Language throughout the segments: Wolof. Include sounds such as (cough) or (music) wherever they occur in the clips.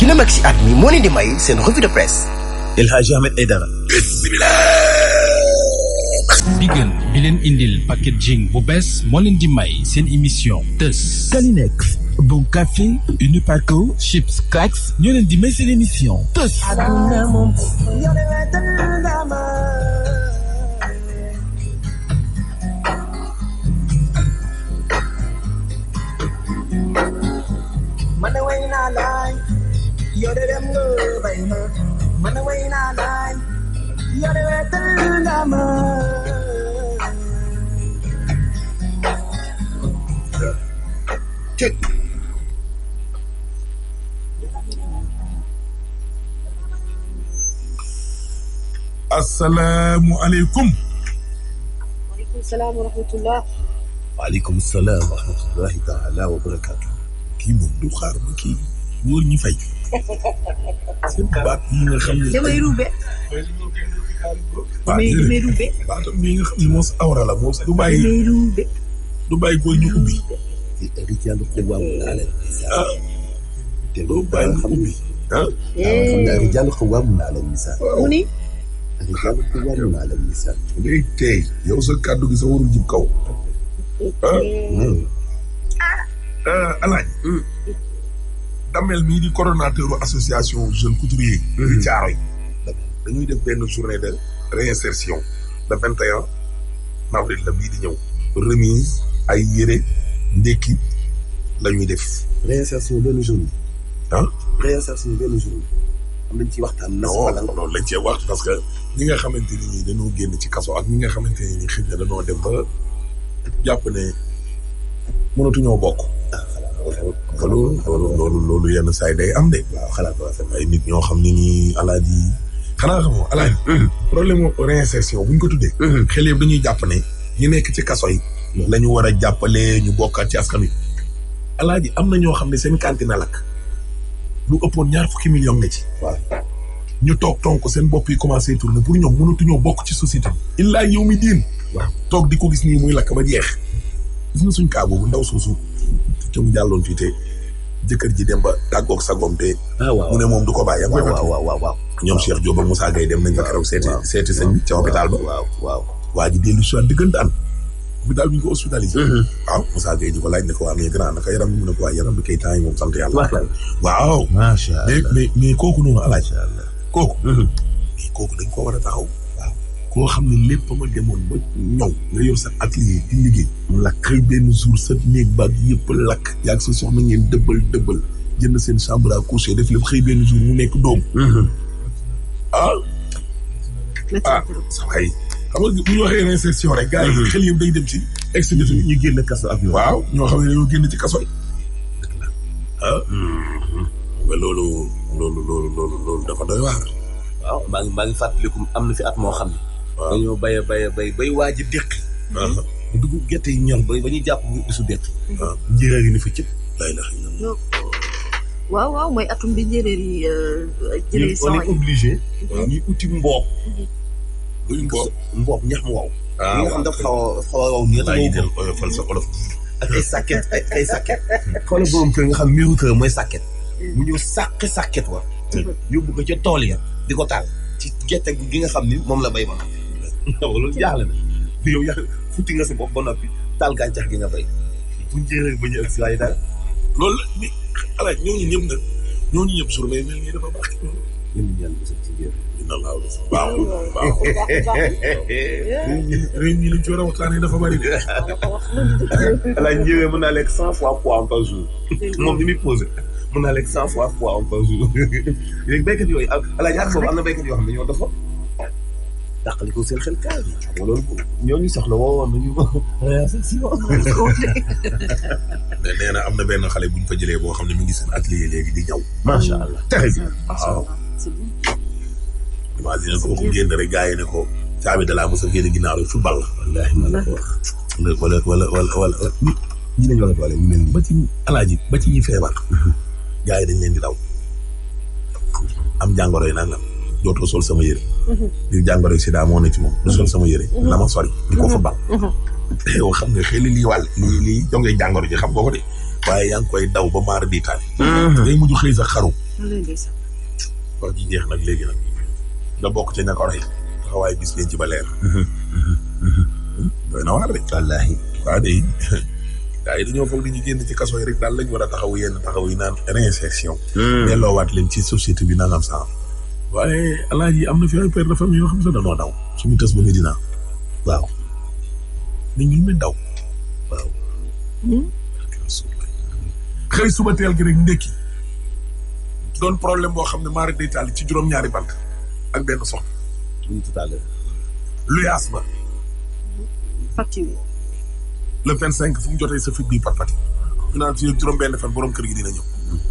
Guinée Max si at mi moo leen di may seen revue de presse. El Hadji Ahmed Aidara. Bigal bi leen indil packaging bu bees moo leen may seen émission Teuss. Kalinex Bon Café Unipaco Chips Cracks ñoo leen di may seen émission Teuss. yore nga bay ma man a way naa naay yore wetal nga ma cek assalaamu aleykum waaleykum salaam wa rahmatullah waaleykum salaam wa rahmatullahi taala wa barakaatu kii moom du xaar ma kii wóor ñu fay baat yi nga xam ne. (laughs) damay ruube. waaw damay ruube. baatam mi nga xam ne moos awra la moos du bàyyi. damay ruube. du bàyyi góor ñu ubbi. te du bàyyi ñu ubbi. Ah. ah. xam naa rijaalu qawwaamuuna ala nisaa. mu ni. rijaalu qawwaamuuna ala nisaa. day tey yow sa kàddu gi sa warul jib kaw. ah. Hmm. ah Alaaji. Hmm. Damel mii di coordonnateur association jeune couturier mhm. di Thiaroye dañuy def benn journée de réinsertion le vingt et un avril la bii di ñëw remise ay yére ndékki la ñuy def réinsertion benn jour bi ah réinsertion benn jour bi am nañ ci waxtaan wala loolu lañ cee wax parce que ñi nga xamante ni dañoo génn ci kaso ak ñi nga xamante ni ñi xëy dem ba jàpp ne mënatuñoo bokk loolu loolu loolu yenn saay day am de. waaw xalaat naa ay nit ñoo xam ne nii alaaji xanaa xamoo alaaji. Mm-hmm. problème mu réinsertion bu ñu ko tuddee. Mm-hmm. xel yëpp dañuy jàpp ne ñu nekk ci kaso yi. la ñu war a jàppalee ñu bokkaat ci askan wi. alaaji am na ñoo xam ne seen kantina lakk lu ëppoon ñaar fukki million nga ci. waaw ñu toog tonk seen bopp yi commencé tourner pour ñoom mënatuñoo bokk ci société bi. illaa yow mi diin. waaw toog di ko gis nii muy lakk ba jeex. gis na suñ kaa boobu ndaw soosu. te mu jàlloon jëkkër ji dem ba tàggoog sagoom te ah, mu ne moom du ko bàyyi waaw waaw waaw ñoom Cheikh Diop ak Moussa Gueye dem nañ fa keroog seeti seeti sëñ bi ca hôpital ba waaw waaw waa ji dellu si waat dëggantaan hôpital bi ñu ko hospitalisé mm-hmm. waaw Moussa Gueye di ko laaj ne ko waa mais grand naka yaram mu ne ko waa yaram bi kay temps yi moom sant yàlla waaw mais mais mais kooku noonu alaaj kooku mm-hmm. mais kooku dañ koo war a taxaw koo xam ne lépp ma demoon ba ñaw nga yor sa atelier di liggéey mu lakk benn jour sa néeg baag yëpp lakk yaag sa soxna ngeen dëbbal dëbbal jënd seen chambre à coucher def lépp xëy benn jour mu nekk doom mhm. ah ah sa waay rek gars yi mhm. xel ci ex génn kaso yooyu waaw ñoo xam ne dañoo génn ci kaso yi ah mhm. nga loolu loolu loolu loolu loolu dafa doy waar waaw maa ngi maa ngi fàttaliku am na fi at moo xam dañoo bay a bay a bay bay waaj a uh-huh. dugub gerte yi ñor ba ba jàpp bisu déq. Uh-huh. Ah, njéeréer yi ni fa cëpp. Oh. waaw waaw mooy atum bi njéeréer yi euh, jëlee. son yi uh-huh. uti mboob. buy mboob mboob ñax mu waw. Ah, waaw xam dafa xaw a xaw a waw nii. bàyyi del oyofal (laughs) ak ay ay ay sàkket. (laughs) xoolal boobu nga xam miiru kër mooy sàkket. mu ñëw sàkket wa. yóbbu ko ca tool ya di ko taal. ci gerte gi nga xam ni moom la bay ma. non loolu jaaxle na yow yaa futti nga si bopp ba noppi taal gàncax gi nga béy buñ jéeree ba ñu ëgg si waaye daal loolu la ni alaaj ñooñu ñëpp nag ñooñu ñëpp dafa baax. a waxtaanee dafa bari de. alaaj ñëwee mën naa lekk cent fois poids par jour. moom ni muy posé. mën naa lekk cent fois poids par jour. (laughs) léegi béykat yooyu alaaj ak foofu am na béykat yoo xam ne ñoo dafa. dàqali ko seen xel kaay bi xam nga am na benn xale bu ñu fa jëlee boo xam ne mi ngi seen atelier léegi di ñaw. macha allah très bien waaw. imagine ko ko yi ne ko caabi a génn ginnaaw rek football la. wallaahi ma la ko wax. wala wala wala wala ñi lañ a doole ñu mel feebar. gars yi dañ leen di daw. am jàngoro yi na dootoo sol sama yëre. ngir mm-hmm. jàngoro sida moo ne ci moom. du sol mm-hmm. sama yëre. na mm-hmm. ma sori di ko fa bal. yow xam nga xëy na jonge jàngoro ji xam nga ko de waaye yaa ngi koy daw ba maar di taal. ngay mujj xëy sa xaru. nag léegi nag nga bokk ci nag oreille. waaye bis ngeen ci ba leer. na waar de. wallaahi waa de gaa yi dañoo foog di ñu génn ci kaso yi rek daal lañ war a taxaw yenn taxaw yi naan réinsertion. Mm. delloowaat leen ci société bi nangam sax. waaye yi am na fi ay père de famille yoo xam ne dañoo daw suñu tas ba Medina waaw dañu mën daw waaw hmm? xëy suba teel gi rek ndekki doon problème boo xam ne maari détail ci juróom-ñaari bant ak benn soxna luyaas ba facture le vingt cinq fu mu sa fit bii patpati ñu naan fi juróom benn fan borom kër gi dina ñëw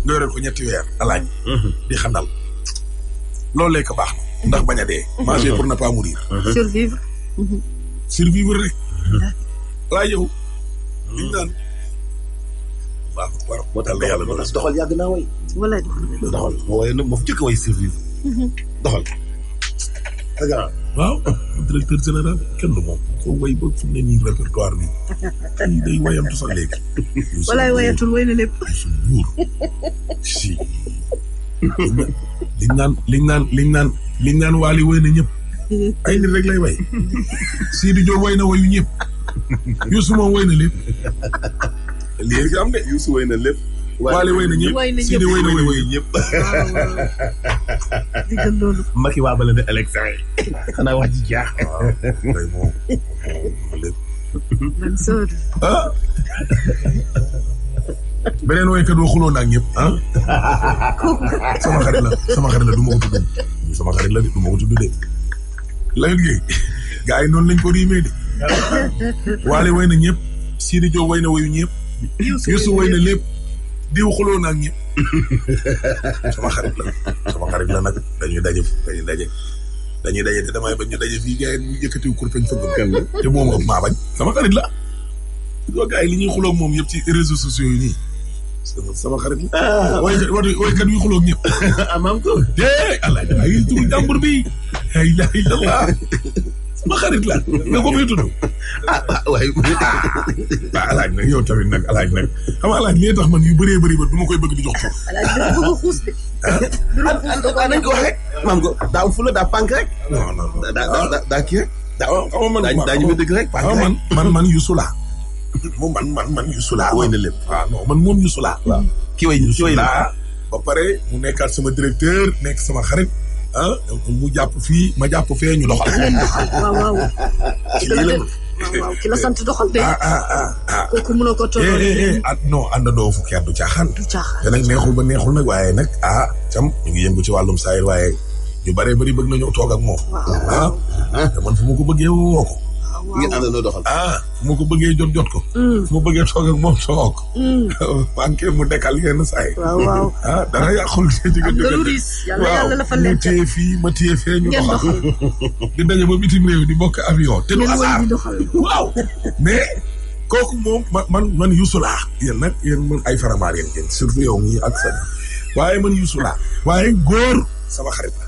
nga yoreel ko ñetti weer alaaji hmm. di xandal loolu lekk baax na ndax bañ a dee. Mhm. manger mhm. pour ne pas mourir. Mhm. survivre. survivre rek. waaye yow. liñ naan. waaw waaw moo tax yàlla moo tax doxal yàgg naa way. wala doxal moo waaye nag moo fi njëkk a way survivre. doxal. dëgg waaw directeur moom ko way ba fu ne nii répertoire bi kii day wayantu sax léegi. (laughs) walaay na lépp. (laughs) si. liñ naan liñ naan liñ naan liñ naan waali woy na ñëpp ay nit rek lay way Sidi Diop woy na wayu ñëpp lépp léegi am de Youssou woy lépp waale woy na ñëpp Sidi woy na wayu ñëpp waa bala ne élection yi xanaa wax ji jaax day beneen woykat boo xuloo na ak ñëpp ah. (laughs) sama xarit la sama xarit la du ma ko tudd la de du ma ko tudd de. Lamine noonu lañ ko riimee de. waale woy na ñëpp. Sidi Diop woy na woyu ñëpp. Youssou woy na lépp. diw xuloo na ak sama xarit la sama xarit la nag dañuy daje dañuy daje. dañuy daje te damay bañ ñu daje fii gars yi ko yëkkatiw kurpeñ te moom maa bañ sama xarit la. yoo gars yi li ñuy moom yëpp ci réseaux sociaux yi nii. sama xarit la. Ah, waaye kat yu xuloo ñëpp. ah (laughs) maam ko. déedéet allah ayi turu jàmbur bi. la ilaha sama xarit la. nga ko muy tudd. ah ah waaye. ah, ah alaaj nag yow tamit nag alaaj nag xam nga alaaj man yu bëree bëri ba du ma koy bëgg di jox alaaj dina bëgg a xuus ah. ko wax rek. maam ko daa am fula daa pànk rek. daa daa daa kii rek. daa daa ñu ma dëgg rek. pànk man man man Youssou moom man man man Youssou Laha. na lépp waaw man moom Youssou Laha. waaw ki way Youssou ba pare mu nekkaat sama directeur nekk sama xarit ah mu jàpp fii ma jàpp fee ñu doxal. waaw waaw ci lii la ki la sant doxal de. ah ah ah ah kooku mënoo ko tolloo. Eh, eh, eh, ah non neexul ba neexul nag waaye nag ah. tam ñu ngi yëngu ci wàllum saayir waaye ñu bare bari bëgg nañoo toog ak moom. waaw ah man fu ma ko bëggee woo ngeen àndandoo doxal. ah mu ko bëggee jot jot ko. Mm. mu bëggee toog ak moom toog. Mm. (laughs) manqué mu dekkal yenn saa yi. waaw waaw ah dara yàqul ci diggante. am na yàlla yàlla la fa leen waaw mu téye fii ma téye fee doxal. (laughs) di daje ba bitim réew di bokk avion. te du asaar waaw mais. kooku moom man man man Youssou yéen nag yéen man ay faramaar yéen yéen surtout yow mi ak sa waaye man Youssou waaye góor sama xarit la.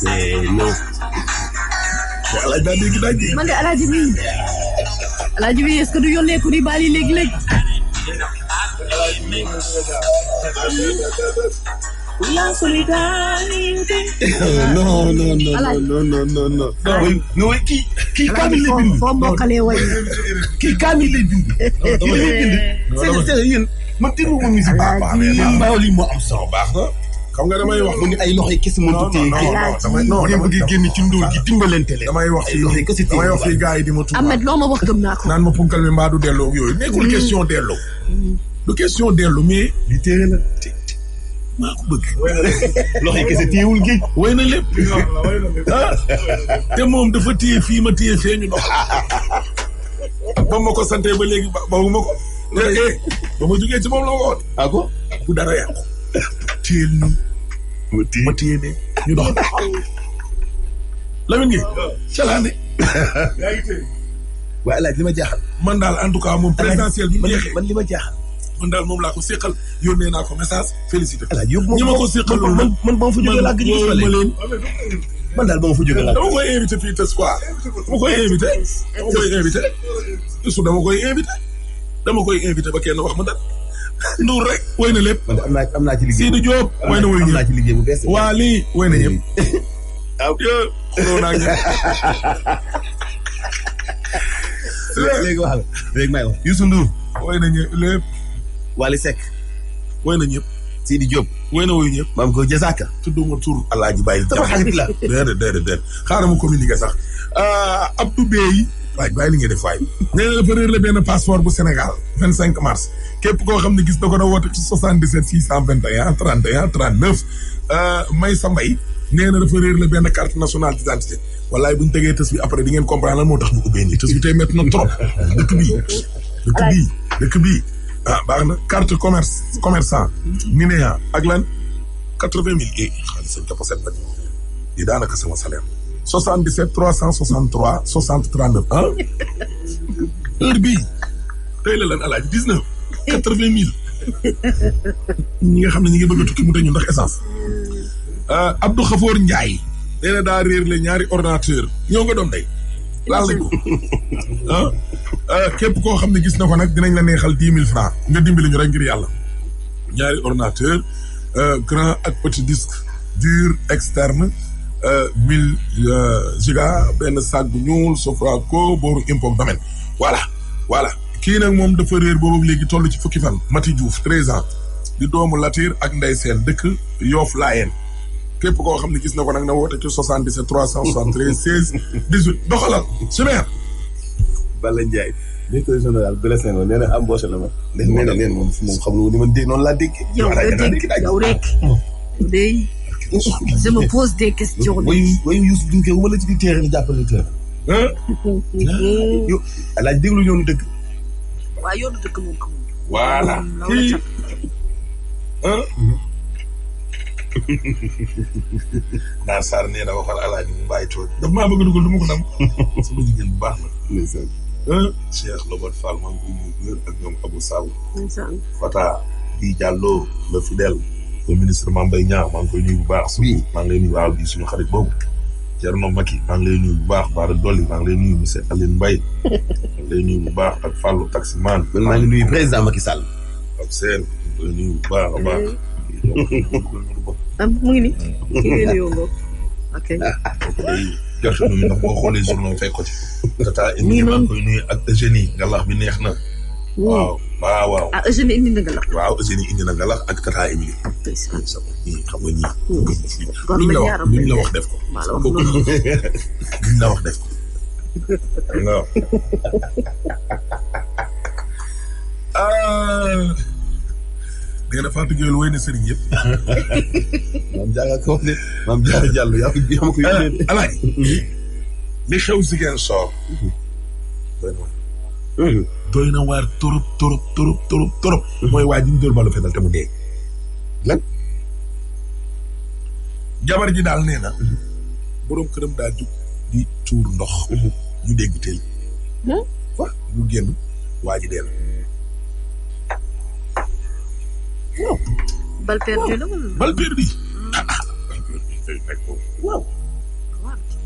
Eh, non. alaaj daa dégg daa dégg. man de alaaji bi alaaji bi est-ce que du yónnee ku di baali léegi léegi. la solidarité. non non (laughs) eh. am solo xam nga damay wax mu ni ay loxo kese mënut a téye. non non ngeen bëgg génn ci ndóol gi dimbalante leen. damay wax fii loxo kese damay wax fii gars yi di ma tuuma. Ahmed loo ma wax gëm naa ko. naan ma punkal mi mbaa du delloo ak yooyu. nekkul mm. question mm. mais. li téere la loxo kese téyewul géej. way na lépp. ah te moom dafa téye fii ma téye feeñu ndox. ba ma ko santee ba léegi ba ma ko. Eh, eh. ba ma jógee ci moom la ma ko woon. Ah, ko bu dara ma téye ma téye ne ñu dox Lamine Gueye calaane yaa ngi téye waaye El li ma jaaxal man daal en tout cas moom présidentiel bi li ma jaaxal man daal moom laa ko séqal yónnee naa ko message félicité ñi ma ko séqal man man ba ma fa jógee laa man daal ba ma fa jógee dama koy invité fii te quoi dama koy invité dama koy invité ba kenn wax ma dal Ndour rek woy na lépp. am naa am naa ci liggéey Sidi Diop woy na woy ñëpp naa ci liggéey bu bees. waa lii woy na ñëpp. waaw yooyu xuloo naa (laughs) léegi wax la léegi may wax Youssou Ndour. woy na ñëpp lépp. Wally Seck. woy na ñëpp. Sidi Diop. woy na woy ñëpp. maam ko jasaaka. tudduma tur alaaji bàyyi. sama xarit la (laughs) déedéet sax euh, Abdou Bey. waaj bàyyi li ngay def waay nee na dafa benn passeport bu Sénégal vingt cinq mars képp koo xam ne gis na ko da woote ci soixante dix sept six cent neuf euh, may sa mbay nee na dafa benn carte nationale d' identité wallaay bu ñu tegee tës bi après di ngeen comprendre moo tax ñu ko béy nii tës bi tey na trop dëkk bii dëkk bii ah baax na carte commerce commerçant minéa ak lan quatre vingt mille i eh, xaalis sañ tapaset nag di daanaka sama salaire 77 363 60 39 ah heure bii tey la lan alaaj dix neuf quatre vingt mille ñi nga xam ne ñi ngi bëgg a tukki mu ñu ndax essence euh, Abdou Khafour Ndiaye nee na daa réer le ñaari ordinateur ñoo nga doom day laal lañ ko ah képp koo xam ne gis na ko nag dinañ la neexal dix mille francs nga dimbali ñu rek ngir yàlla ñaari ordinateur euh, grand ak petit disque dur externe Euh, mille euh, giga benn sac bu ñuul Sofraco booru impog domaine voilà wala kii nag moom dafa réer boobu léegi toll ci fukki fan Mati Diouf treize ans di doomu Latir ak Ndey Seen dëkk Yoof Laayeen képp koo xam ne gis na ko nag na woote ci 77 373 16 18 doxalal Super. Balla Ndiaye. directeur général blessé na nee na embauché na ma. nee na nee na moom moom xam nga ni man dégg laa dégg. rek. je me pose des questions. wayu wayu Youssou Ndour kii wala ci biir terrain bi jàppale teer. yow alaaj déglu yoonu dëkk. waaw yoonu dëkk moom ko moom. voilà kii. (laughs) Naar Sarr nee waxal alaaj mu bàyyi tool daf maa bëgg dugal du ma ko nam (laughs) sama jigéen bu baax la. Cheikh Lobat Fall maa ngi koy nuyu ak ñoom Abou Saw. Fata Di Diallo le fidèle. au ministre Mame Mbaye Niang maa koy nuyu bu baax. surtout maa ngi lay nuyu waaw di suñu xarit boobu. Thierno Macky maa ngi lay nuyu bu baax Bara Dolly maa (laughs) lay nuyu bu baax ak Fallou Taximan. man maa ngi nuyu président Macky Sall. ak seen maa ngi lay nuyu bu baax a baax. (laughs) Ah, mu ngi nii. mu ngi lay nuyu ok. gerte nu mu ndax boo xoolee journal fekk (laughs) nuyu ak Eugénie ngalax bi neex na. waaw waaw ah Eugénie indi na ngalax. waaw Eugénie indi na ngalax ak tata Émilie. Ah, xam nga ñii. Hmm. la wax (laughs) luñ la wax def ko. luñ la wax def ko. non. di nga ah. ah. ne Fatou Gueye woy na sëriñ yëpp. (laughs) maam Diaga ko de maam Diaga Diallo yaa ko yaa ma ko yónnee de. Alaay. Mhm. li xew Ziguinchor. Mhm. doy na waar torop torop torop torop mooy waa ji ñu dóor balu fetal te mu dee jabar ji daal nee na boroom këram daa jug di tuur ndox ñu dégg teel wa ñu génn waa dee na bal perdu la wala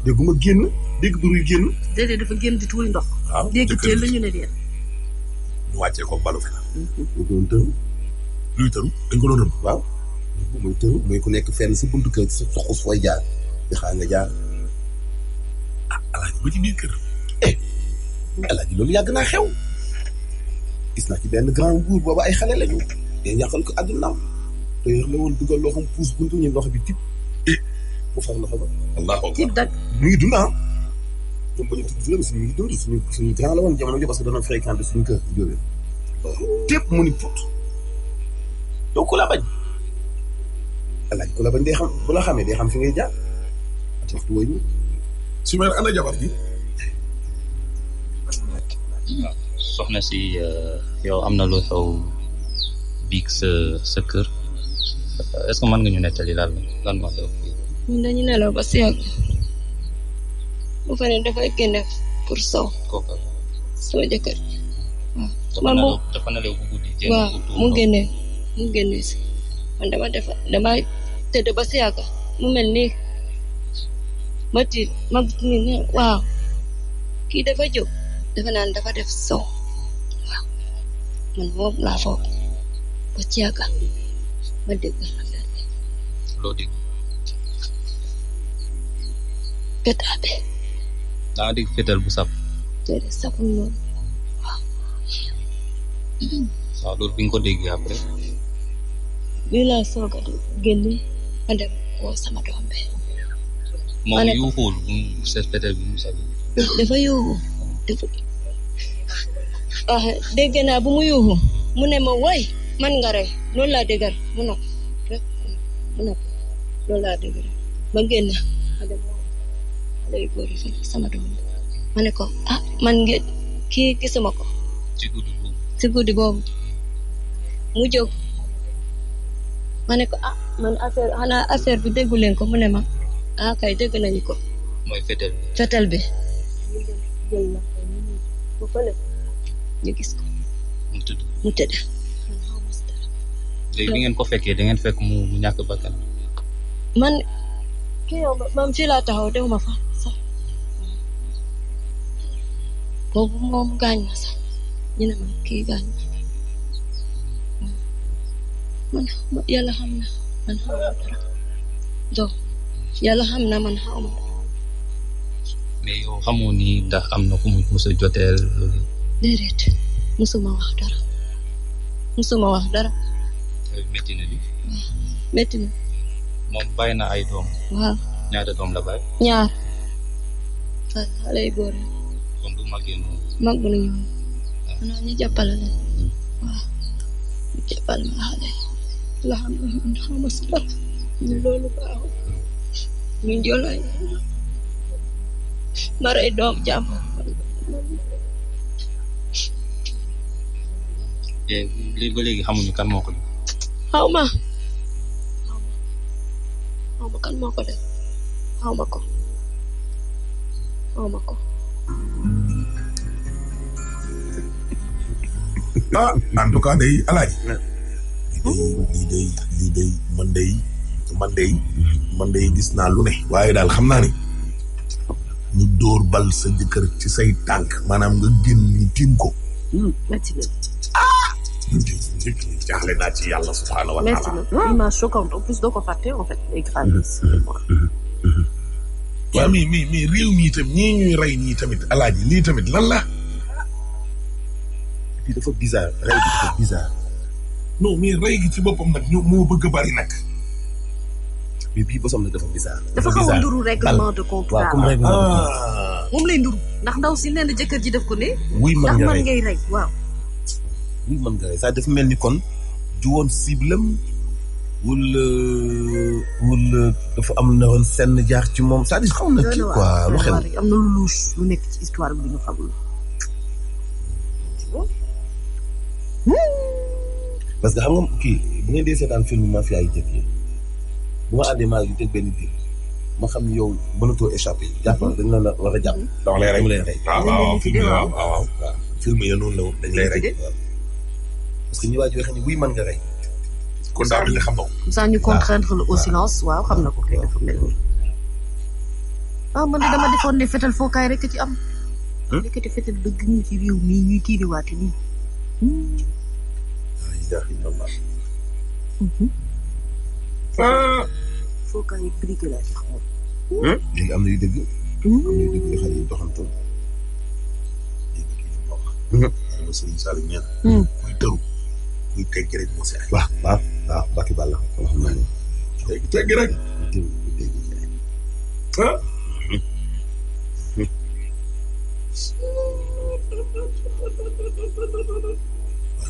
dégguma génn dégg ba muy génn. déedéet dafa génn di tuuri ndox. waaw dégg teel la ñu ne leen. ñu wàccee ko balu fenn. ñu mhm. doon tëru. luy tëru dañ ko doon rëbb. waaw muy tëru muy ku nekk fenn si buntu kër si soxus fooy jaar di xaar nga jaar. ah alaaji ba ci biir kër. eh alaaji loolu yàgg naa xew. gis naa ci benn grand nguur boobu ay xale lañu. day yàqal ko addunaam. te yéex na woon dugal loxoom puus buntu ñu loxo bi tip. eh mu far loxo ba. wallaahu akbar tip dag mu ngi dund ah. ñoom ba ñu tudd juróomi suñu ngi dóori suñu suñu mu ni put donc ku la bañ alaaj ku la bañ xam bu la xam fi ngay jaar ate waxtu wooyu su euh, yow am na lu xew biig sa sa kër est-ce que mën nga ñu nettali lan lan moo xew ñun dañu ba pare dafay génne pour sow. kooku sama jëkkër. man dafa nelaw bu guddi. waaw mu génne mu génne si man dama def dama tëdd ba mu mel nii ma ma ni ne waaw kii dafa jóg dafa naan dafa def sow waaw man moom laa foog ma dégg loo dégg daa di fetal bu saf. déedéet saful loolu waaw. waaw loolu bi ko déggee après. lii a génn ma dem woo sama doom bi. moom yuuxul mu set fetal dafa yuuxu ah dégg naa bu mu yuuxu mu ne ma woy man nga rey loolu laa déggal mu nopp mu nopp laa déggal ma dem. xale ne ko ah man nga kii gisuma ko ci guddi boobu mu jóg ma ne ko ah man affaire xanaa affaire bi déggu leen ko mu ne ma ah kay dégg nañu ko fetel bi fetel bi ñu ko mu tëdd léegi ngeen ko fekk mu ñàkk bakkan man kii yow man fii laa taxaw dewuma fa boobu moom gaañ ma kii gaañ yàlla xam na man xaw ma dara donc yàlla xam na man xaw ma dara mais yow xamoo ni ndax am na ku mu mos a joteel déedéet wax dara musuma wax dara métti na di na ay doom waaw ñaata doom la ñaar xale yu mag yi noonu. mag nu ñu ah. noonu ñu jàppale leen hmm. waaw ah, ma xale la loolu baaxul ñu jëlay ma rey doom jàmm. Eh, léegi ba léegi xamuñu kan moo ko def. ma xaw ma kan moo ko def ma ko. ah en tout de day alaaji hmm. lii day lii day man day man day man day gis naa lu ne waaye daal xam naa ne ñu dóor bal sa jëkkër ci say tànk maanaam nga génn ni tiim ko hmm, ah jaaxle naa ci yàlla subhaanahu wa taala image choquante en plus doo ñii ñuy rey nii tamit alaaji lii tamit lan la dafa bizarre rey bi rey gi ci boppam nag ñoo moo bëgg a bari nag. mais bii bosam nag dafa bizarre. dafa xaw a nduru règlement de compte. waaw comme règlement de compte. Ah. moom lay nduru ndax ndaw si nee def ko ne. wuy mën nga rey ngay rey waaw. wuy mel ni kon ju woon cible am na woon senn jaar ci moom cest à kii quoi lu xew. am na lu louche lu nekk ci histoire bi ñu xamul. parce que xam nga kii bu ngeen dee seetaan film mafia yi jëkk yi ma àndee maa ngi xam ni yow mënatoo échappé jàpp dañ la la war a jàpp. ndax lay rey mu lay rey. Ah, film yi noonu la woon dañ lay rey. parce que ñu waa ji waxee ni wuy mën nga rey. kon daal dañuy xam moom. saa ñu contraindre au ah. silence waaw xam na ko kay dafa mel ni. Ah, man de dama defoon ne fetal fookaay rek ci am. nekkati hmm? fetal dëgg ñu ci réew mii ah. foo kaa yëg briquet laa ci xamoon. léegi am na yu dëgg. am na yu dëgg yu xale yu doxantoon. léegi kii ma wax. moom Serigne Sall ñaan. muy tëru muy tegg rek moo si ay. waaw waaw waaw Bakki Balla xam naa ne. tegg tegg rek. ah.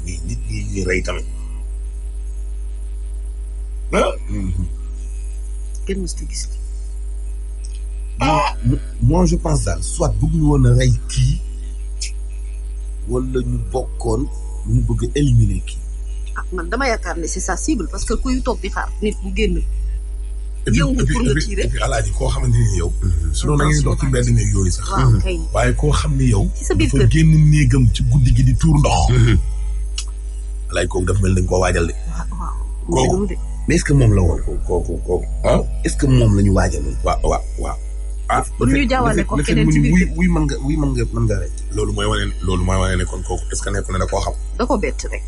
nit ñi ñuy rey tamit ah! mm-hmm. ah! moo je pense daal soit bëgg ñu woon a rey kii wala ñu bokkoon ñu bëgg a éliminer kii. ah man dama yaakaar ne c'est sa cible parce que ku toog di xaar nit bu génn. yow pour nga tiire et puis alaaji koo xamante ni yow. Mm-hmm. sinon da ngeen dox ci mbedd néeg yooyu sax. waaye koo xam ne yow. ci sa génn néegam ci guddi gi di tuur ndox. Mm-hmm. laaj kooku def mel dañ koo waajal de. waaw waaw mais est-ce que moom la ko kooku kooku ah. est-ce que na la ñu waajal. wa wa waaw. ah bu ñu jaawale ko keneen ci biir wuy mën nga wuy mën nga mën nga rek. loolu mooy wane loolu mooy wane ne kooku est-ce que nekku ne da koo xam. da ko bett rek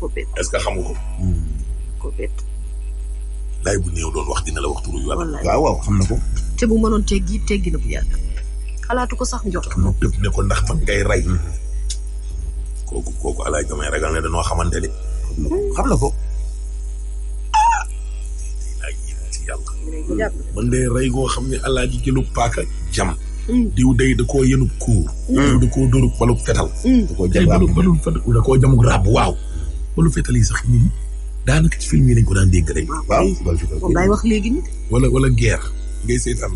ko bett. est-ce que xamu ko. ko bett. bu néew doon wax dina la wax turu yu wàll. waaw xam na ko. te bu mënoon teggi teggi na bu yàgg. xalaatu ko sax njort. mu tëb ne ko ndax man ngay rey. Mm-hmm. kooku kooku alaaj damay ragal ne danoo xamante de xam na ko ah man de rey goo xam ne alaaj ji jëlub paaka jam diw day da koo yenub kuur da koo dóorub mm. balub fetal da koo jam rab waaw balu fetal yi sax ñun daanaka ci film yi lañ ko daan dégg rek ah, waaw wala wala ngay seetaan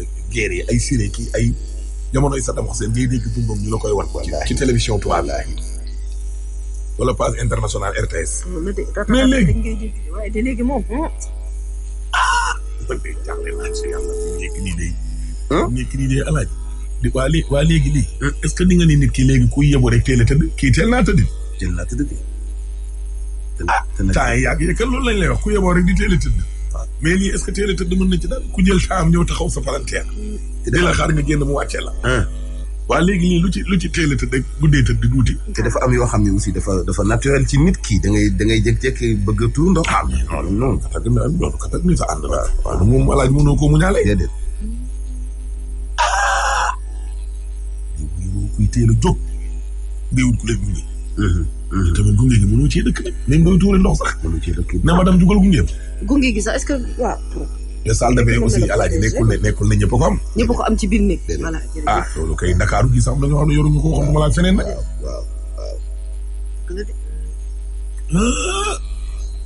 eh, guerre yi ay siré kii ay jamonoy Saddam Hussein ngay dégg tumbam ñu la koy wan. ci télévision tubaab yi. wala page internationale RTS. mais léegi waaye de léegi moom. Hmm. ah man de jaaxle naa hmm? waa léegi waa léegi hmm, que ni nga ni nit ki léegi kuy yebu rek teel a tëdd kii teel naa tëdd. teel naa tëdd de. ah temps yi yàgg yi kan loolu lay wax ku yeboo rek di teel a tëdd. Ah. mais lii est que teel a tëdd mën na ci daal ku jël temps am ñëw taxaw sa palanteer. di la xaar nga génn mu wàccee la. Ah. waa léegi lu ci lu ci teel a tëdd guddee tëdd tuuti. te dafa am yoo xam ne aussi dafa dafa naturel ci nit ki dangay dangay da ngay jékki-jékki bëgg tuur ndox. Ah, sa ànd la. Ah. moom walaaj mënoo ko mu ñaale. déedéet. déedéet kuy teel a jóg. déewut ku leen gunge. Mhm, mhm. te tamit gunge gi mënoo cee dëkk de. même booy tuuri ndox dëkk na ma dem jugal gunge. gunge gi sax est-ce que waaw. te salle de bain aussi alaaji nekkul ne nekkul ne ñëpp ko am. ñëpp ko am ci biir néeg. voilà ah loolu kay Dakar gi sax am na ñoo xam ne yoruñu waaw waaw.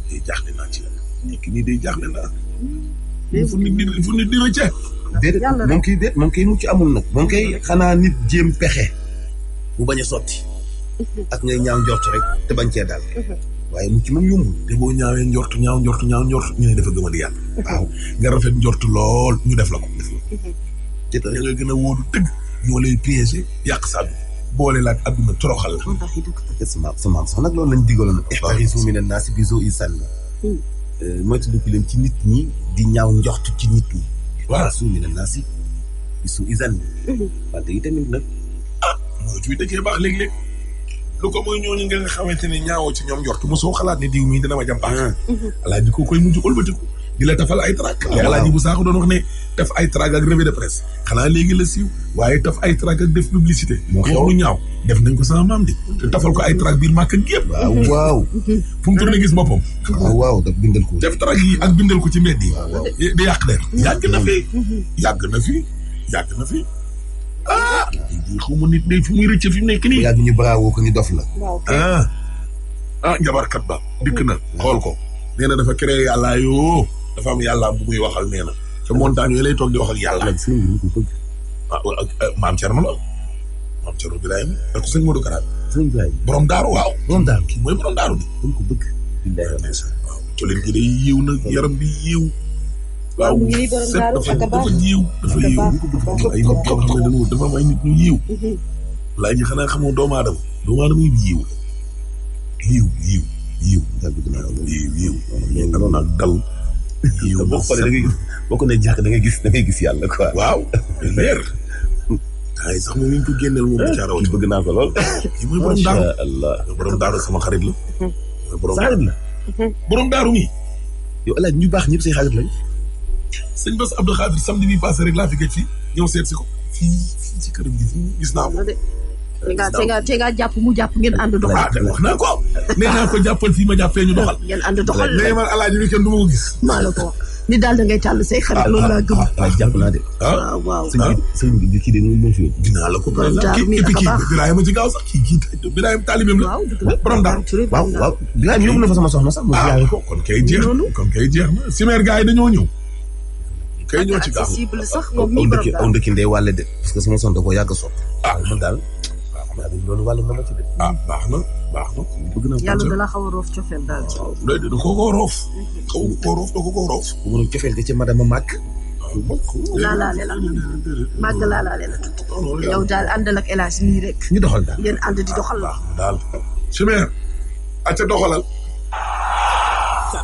day ah, ci nekk nii day moom kay déet amul nag moom kay xanaa nit jéem pexe. bu bañ a sotti. (laughs) ak ngay ñaaw njort rek te bañ cee daal. (laughs) Uh-huh. waaye mucc moom yombul te boo ñaawee njortu ñaaw njortu ñaaw njortu ñu ne dafa gëm a di rafet njortu lool ñu def la ko def mhm. la te da nga gën a woon tëgg ñoo lay piégé yàq sa àdduna boole la ak àdduna toroxal la te sama sama sax nag loolu lañ digaloon ihta'izu mina naasi bi suu'i zann mhm. euh, moytu ci nit ñi di ñaaw njortu ci nit ñi ihta'izu mina naasi bi suu'i zann mhm. wante itamit nag ah, baax léeg-léeg lu ko mooy ñooñu nga xamante ni ñaawoo ci ñoom njort mosoo xalaat ne diw mii dina ma jam baax. Mm-hmm. ko koy mujj ëlbatiku di la tafal ay trac waaw alaaji bu saako doon wax ne taf ay trac ak revue xanaa léegi la siiw waaye taf ay trac def publicité. moo xew lu ñaaw def nañ ko sama maam di. Mm-hmm. te tafal ko ay trak biir màkk ak yëpp. Ah, waaw waaw. Mm-hmm. fu mu gis boppam. waaw ah, waaw daf bindal ko. def trac yi ak bindal ko ci mbedd yi. waaw ah, waaw di yàq leen. yàgg na fi yàgg na fi yàgg na fi. ah. xaw ma nit day fu muy rëcc fi mu nekk nii. yàgg ñu bravo ko ñu dof la. ah. ah njabarkat ba. dikk na xool ko. nee na dafa créé yàllaa yoo. dafa am yàllaa bu muy waxal nee na. te montagne yooyu lay toog di waxal ak yàlla. ah eh, maam Thierno la. maam Thierno Birahim. da ko sëñ Modou Karaat. sëñ Birahim borom daaru waaw. borom daaru kii mooy bëgg. waaw tollin gi day yiw na yaram bi yiw. waaw set dafa dafa yiiw dafa ay nit yoo ne dañoo dafa am ay mhm. yi yiiw yiiw yiiw yiiw yiiw yiw yiw ak dal yiw boo xoolee da ngay boo ko nee jàkk da ngay gis da ngay gis yàlla quoi waaw (laughs) leer ay sax moom ñu ko génneel moom bu bëgg naa ko lool yi mooy borom daaru allah borom sama xarit la (laughs) borom daaru mi yow alaaj ñu baax ñëpp say xarit lañ sëñ Bass Abdou Khadir samedi bi passé rek fi gëj fii seet si ko fii fii ci këram naa ko. te nga te jàpp mu jàpp ngeen ànd doxal. ah wax naa ko nee naa ko jàppal ma jàppee ñu doxal. ngeen ànd doxal mais man alaaji bi kenn du ma gis. la ko ni daal da ngay tàll say xarit loolu laa gëm. ah, ah, ah, ah jàpp naa de. ah waaw sëñ bi kii la ko kii Birahima ci gaaw sax kii kii Birahima taalibeem la. borom daal waaw waaw. Birahima yóbbu na fa sama soxna sax. mu jaay ko kon kay jeex kon kay jeex na yi dañoo ñëw kay ñoo ci sax moom mii borom daal aw ah, de ah, ah, parce que sama son da koo yàgg a sopp. ah man daal a loolu wàll na ma de. ah baax na baax na. bëgg naa yàlla da la xaw a roof cofeel daal. waaw koo koo roof. xaw koo roof ma doon cofeel ga ca madama màkk. laalaale la màgg laalaale la tudd. yow daal àndal ak El Hadj nii rek. ñu doxal daal ngeen ànd di doxal. waaw daal su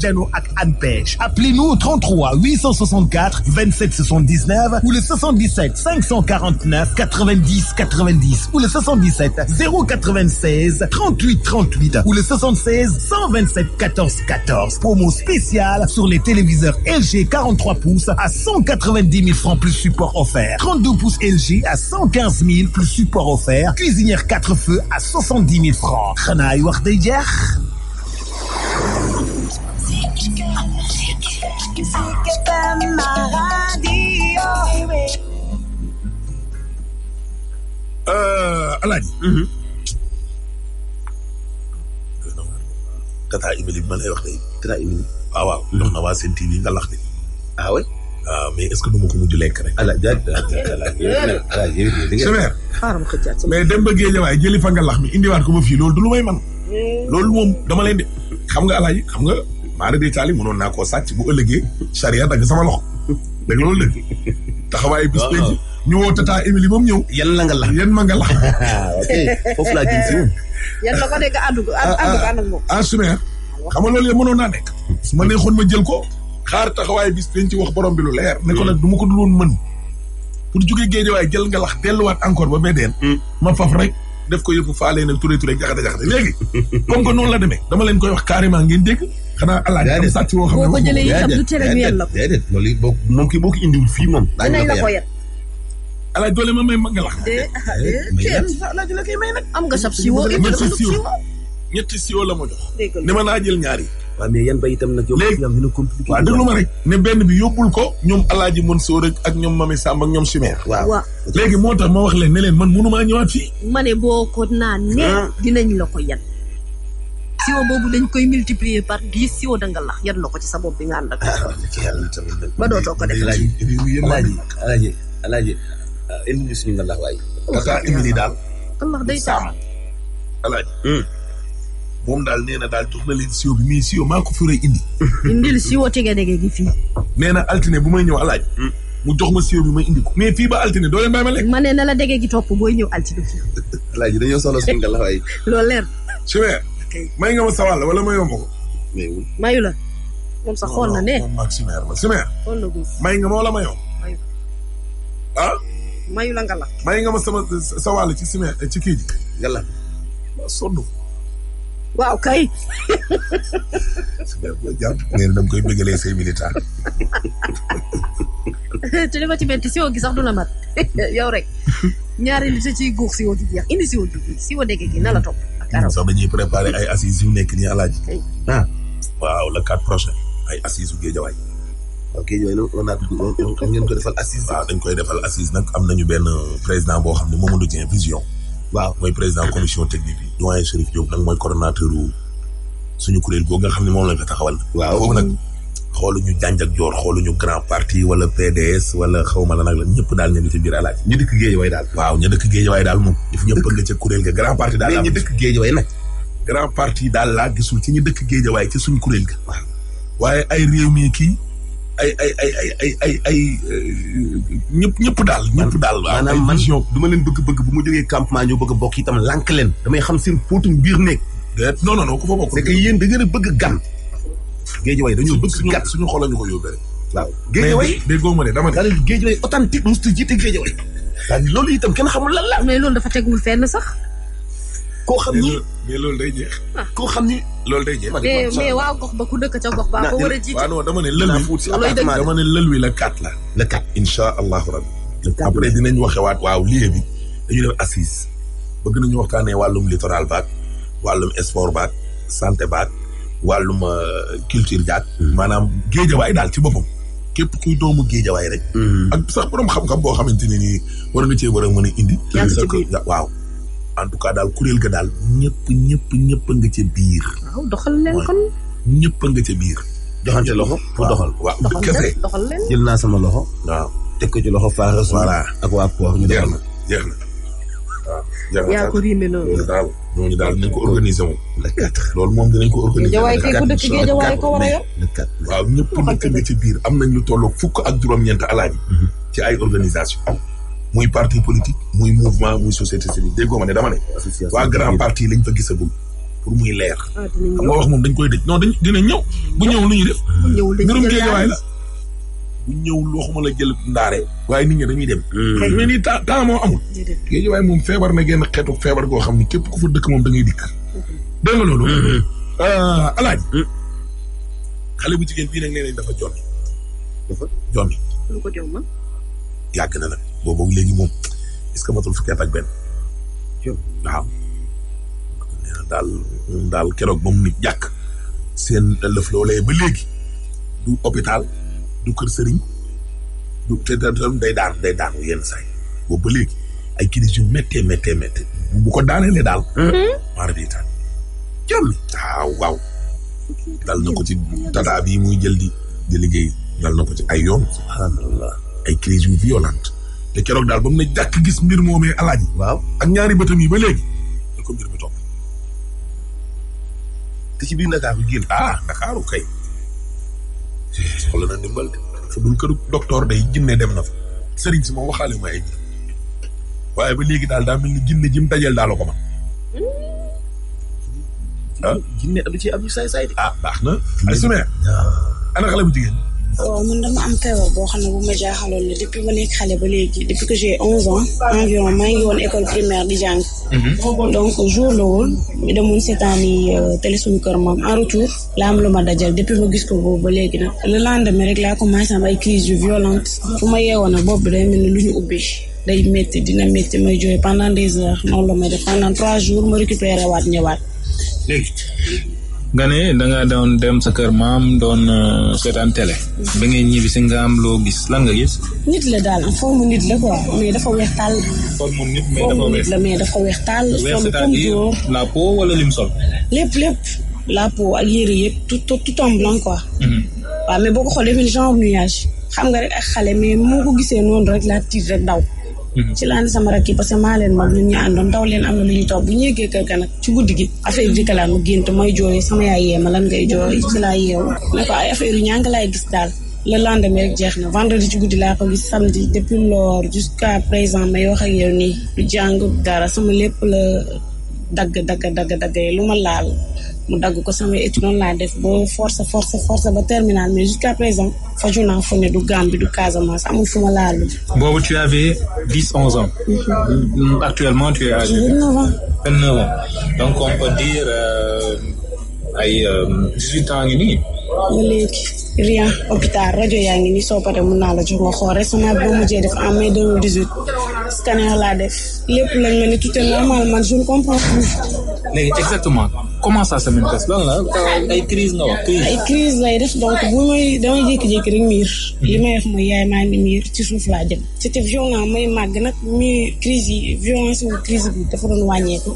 jano ak ANPEJ appelez nous 33 864 27 79 ou le 77 549 90 90 ou le 77 096 38 38 ou le 76 127 14 14 promo spéciale sur les téléviseurs LG 43 pouces à 190 000 francs plus support offert 32 pouces LG à 115 000 plus xanaa wax day jeex que euh, sí que está Alaaji. Mhm. Tata Emily bi ma lay wax tey. Tata Emily. Ah, waaw waaw mhm. ndox na waa Sen TV nga lax de. ah oui. ah mais est ce que du ma ko mujj lekk rek. ala mais dem ba Géejawaay jëli fa nga lax mi indiwaat ko ba fii loolu du lu may man mm. loolu moom dama leen de xam nga Alaaji xam nga. maa ngi taali mënoon naa koo sàcc bu ëllëgee charia dagg sama loxo dëgg loolu dëgg taxawaayu bis pénc ñu tata Émilie moom ñëw. yan la nga lax yan ma nga lax. (laughs) ok foofu laa jëm si woon. (laughs) yan la ko su ma neexoon ma jël ko. xaar taxawaayu bis pénc wax borom bi lu leer. ne ko hmm. nag du ma ko dul woon mën. pour jóge géej waaye jël nga lax delluwaat encore ba beddeen. Hmm. ma faf rek. def ko yëpp faale nag turé turé jaxate jaxate léegi comme que noonu la demee dama leen koy wax carrément ngeen dégg xanaa alaaj am sàcc woo xam ne boo ko jëlee itam du fi ñu yàlla a déedéet loolu boo moom doole ma may ma nga lax eh, ah, eh, eh, alaaj la am nga sab siwo ñetti siwo la ma jox ni ma naa jël ñaari waaw mais yan bay itam nag. léegi yow dina compliqué. ma rek ne benn bi yobul ko ñoom Alaaji Mansour ak ñoom Mami Samb ak ñoom Chimère. waaw léegi moo tax ma wax leen ne leen man mënu maa ñëwaat fii. ma ne boo ko naan ne dinañ la ko yan. siwo boobu dañ koy multiplier par dix siwo da nga lax yan la ko ci sa bopp bi nga ànd ak. ba dootoo ko def. Alaaji Alaaji Alaaji indi suñu nga lax waaye. daal. Allah day taam Alaaji. moom daal nee na daal jox na leen siwo bi mais siwo maa ko fure indi. indil siwo tege dege gi fii. nee altine bu may ñëw alaaj mu jox ma siwo bi ma indi ko. mais fii ba altine doo leen ma lekk. ma ne na la dege gi topp booy ñëw altine fii. (laughs) alaaji dañoo soxla suñu ngalawaay. (laughs) loolu leer. Chimère. may nga ma sa wala ma yomb ko. mayul mayu la. moom sax xool na ne. ma na ko may nga ma wala ma yomb. ah. mayu la ngala. may nga ma sama sa wàll ci Chimère ci kii ji. ngala ma sonn. waaw kay. jàpp ngeen da nga koy bëggalee say militant. te li ma ci metti siwo gi sax du la mat (laughs) yow rek ñaari nit ciy guux siwo gi jeex indi siwo gi siwo dégg gi na la topp. ak sax dañuy préparer ay assises yu nekk nii alaaji. ah waaw la quatre prochain ay assises yu géejawaay. ok yooyu on a on ngeen ko defal assise. waaw dañ koy defal assise nag am nañu benn président boo xam ne Mamadou Dieng vision. waaw mooy président commission technique bi. doyen Chérif Diop nag mooy coordonnateur suñu kuréel googu nga xam ne moom lañ fa taxawal. waaw foofu nag xooluñu jànj ak joor xooluñu grand parti wala PDS wala xawma la nag la ñëpp daal ñu ngi ci biir alaaj ñu dëkk Géejawaay daal. waaw ñu dëkk Géejawaay daal moom. ñëpp nga ca kuréel ga grand parti daal. mais ñu dëkk Géejawaay nag. parti daal laa gisul ci ñu dëkk Géejawaay ci suñu kuréel ga. waaw waaye ay réew mi ay ay ay ay ay ay ay ñëpp ñëpp daal ñëpp daal. waaw maanaam man du ma leen bëgg bëgg bu ma jógee campement bëgg bokk bokk tam lank leen. damay xam seen póotum biir ne non non non ku fa bokk. c'est yéen da ngeen bëgg gan. géej way dañoo bëgg gan suñu xol la ñu ko yóbbee rek. waaw way mais góob ma de dama ne. daal géej way authentique lu jiite géej way. loolu itam kenn xamul lan la. mais loolu dafa tegul fenn sax. koo xam ni mais loolu day ah. koo xam ni loolu day jeex. mais mais waaw gox ba ku dëkk ca gox ba ko war a jiite. waaw non dama ne lël wi dama ne la quatre la. la quatre incha allahu rabbi. après dinañ waxe waat waaw lieu bi dañu def assise bëgg nañu waxtaanee wàllum littoral baak wàllum sport baak sante baak wàllum euh, culture jaak mm. maanaam géejawaay daal ci boppam képp kuy doomu géejawaay rek mm. ak sax borom xam-xam boo xamante ne nii war nga cee war a mën a indi waaw en tout cas daal kuréel ga daal ñëpp ñëpp ñëpp a nga ca biir. waaw ñëpp a nga ca biir. joxante loxo pour doxal. waaw jël naa sama loxo. waaw teg ko ci loxo fa voilà ak waa ñu doxal. jeex daal ñooñu daal nañ loolu moom dinañ ko organiser. waaw ñëpp nekk nga ci biir am nañ lu tolloog fukk ak juróom-ñeent alaaji. Mhm. ci ay organisation muy parti politique muy mouvement muy société civile déggoo ma ne dama ne. waa grand parti lañ fa gisagul pour muy leer. Ah, xam nga wax moom dañ koy dëj non dañ dina ñëw. bu ñëw lu ñuy def. mbirum géejawaay la. bu ñëw waxuma la jël ndaare. waaye nit ñi dañuy dem. Hmm. xam nga ni moo amul. géejawaay moom feebar na genn xeetu feebar goo xam ni képp ku fa dëkk moom da ngay dikk. dégg nga loolu. Hmm. Euh, Alaaji. Hmm. xale bu jigéen bii nag nee dafa jonni. dafa jonni. lu ko jom ma. yàgg na nag. boobu léegi moom est-ce matul fukki at ak benn. waaw. daal daal keroog ba mu nit jàkk seen lëf loolee ba léegi du hôpital du kër sëriñ du te day daan day daanu yenn ba léegi ay crise yu méttee méttee méttee bu ko daanelee daal. Mm-hmm. maar di taan jàmm. waaw dal na ko tata bi muy jël di di liggéey dal na ko ci ay subhanallah ay crise yu te keroog daal ba mu ne jàkk gis mbir moomee alaaji waaw ak ñaari bëtam yi ba léegi da ko mbir mi topp te ci biir Ndakaaru génn ah Ndakaaru kay soxla na ndimbal de fa dul këru docteur day jinne dem na fa sëriñ si moom waxaale ma ay waaye ba léegi daal daa mel ni jinne jim dajeel daal ko man hmm. ah jinne adu ci ab saay saay ah baax na ay sumee ah. ana xale bu jigéen o euh, man dama am feebar boo xam ne bu ma jaaxaloon la depuis ba nekk xale ba léegi depuis que j'ai onze ans environ maa ngi woon école primaire di jàng mhm. donc jour la woon demoon seetaani euh, télé suñu kër moom en retour laa am lu ma dajal depuis ma gis ko boobu ba léegi na la lendemain rek laa commencé am ay crises yu violentes fu ma yeewoon nag bopp bi day mel ni lu ñu ubbi day métti dina métti may jooy pendant des heures noonu la ma def pendant trois jours ma récupéré waat ñëwaat waat nga ne da dem sa kër maam doon euh, seetaan télé. ba nga ñibbi si nga am loo gis lan nga gis. nit la daal forme nit la quoi mais dafa weex taal. forme nit dafa weex la mais dafa weex taal. weex c'est-à-dire wala lim sol. lépp lépp la peau ak yére tout tout tout en blanc quoi. Mhm. mais boo ko xoolee genre nuage xam nga rek ak xale mais moo ko gise noonu rek la tiit rek daw. Mhm. ci laan sama rakk yi parce que maa leen moom lu ñu àndoon daw leen am na lu ñuy toog bu ñu yeggee kër ga nag ci guddi gi affaire di kalaat mu gént mooy jooy sama yaay yee ma lan ngay jooy ci laa yeewu ne ko ay affaire yu laay gis daal le lendemain jeex na vendredi ci guddi laa ko gis samedi depuis lors jusqu'à présent may wax ak yow nii du jàng dara sama lépp la dagg dagg dagg daggee lu ma laal mu dagg ko sama étude noonu laa def ba force force force ba terminal mais jusqu'à présent faju naa fu du Gambie du Casamance amul fu ma laalu. boobu tu avais dix onze ans. Mhm. actuellement tu es âgé. vingt neuf donc on peut dire euh, ay euh, dix huit ans ba léegi rien hôpital rajo yaa ngi ni soo paree mun naa la jox nga xool récemment boo mujjee def en mai 2018 scanner laa def lépp lañ ma ne tout est normal man je ne comprends plus léegi exactement comment ça se manifeste lan la ay crise nga crise ay crise lay def donc bu may damay jékki-jékki rek miir li may wax mooy yaay maa miir ci suuf laa jëm c'était violent may màgg nag mi crise yi violence wu crise bi dafa doon wàññeeku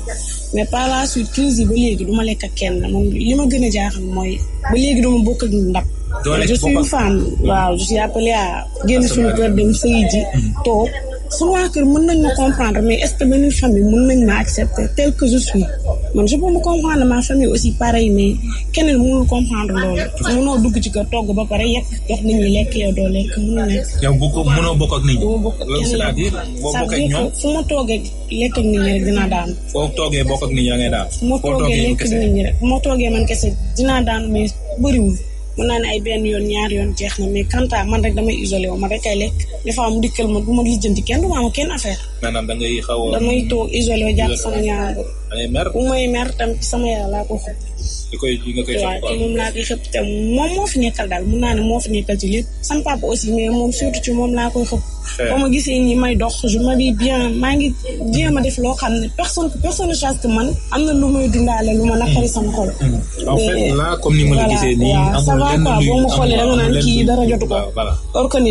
mais par la suite crise yi ba léegi du ma lekk ak kenn moom li ma gën a jaaxal mooy ba léegi dama bokk ak ndab je suis une femme waaw je suis appelée à génn suñu kër dem sëy ji toog sama waa mën nañ ma comprendre mais est-ce que benn famille mën nañ ma accepter tel man je peux me comprendre ma famille aussi pareil mais keneen mënul comprendre loolu mënoo dugg ci kër togg ba pare yekk jox nit ñi lekk yow doo lekk mënul nekk. yow bu ko mënoo bokk ak nit boo bokk ak ñoom fu toogee lekk ak nit ñi rek dinaa daan. foo toogee bokk ak nit ñi da ngay daan. foo toogee lekk ak nit rek fu ma toogee man kese dina daan mais bëriwul. mun naa ne ay benn yoon ñaar yoon jeex na mais quant à man rek damay isolé wu man rek ay lekk des fois mu dikkal ma du ma lijjanti ken am kenn affaire. maanaam xaw a. damay toog isolé wu jàpp sama ñaar. bu may mer tam sama yàlla laa ko xëpp. di koy di nga koy xëpp waaw ci moom laa koy xëpp moom moo fi daal mun naa ne moo fi nekkal ci lépp sama papa aussi mais moom surtout ci moom laa koy xëpp ba ma gisee nii may dox je maa ngi jéem a def loo xam ne personne personne ne chasse man am na lu muy dundaale lu ma naqari sama xol mm-hmm. en fait là comme ni ma la gisee nii ça va quoi boo ma xoolee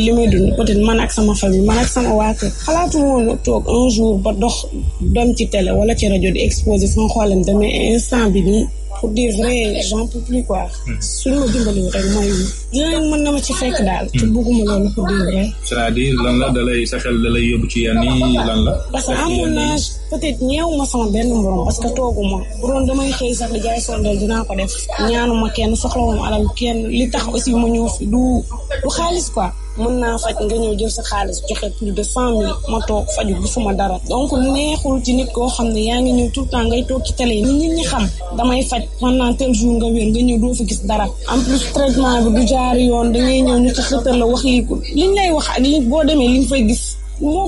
li may dund peut man ak sama famille man ak sama waa kër xalaatu woon toog un jour ba dox dem ci télé wala ci rajo di exposé sama xoolam demee instant bi nii pour dire vrai j'en peux plus quoi. Mm. suñu ma dimbaliwul rek mooy yooyu mën na ma ci fekk daal. Hmm. te bëgguma loolu ko déglu. c'est-à-dire lan la dalay sa xel dalay yóbbu ci yenn lan la. parce que amoon naa peut-être ñeewu ma sama toogu ma. bu doon damay xëy sax ko def. ñaanuma kenn soxlawuma alal kenn li tax aussi ma ñëw fi du du xaalis quoi. mën naa faj nga ñëw jël sa xaalis joxe plus de cent ma toog faju suma dara. donc neexul ci nit koo xam ne yaa ngi ñëw tout le temps ngay toog ci télé yi. nit ñi xam damay faj pendant tel jour nga wér nga ñëw doo fa gis dara. en plus traitement bi du jaar jaar yoon dangay ñëw ñu la wax lii ko liñ lay wax ak li boo demee liñ fay gis moo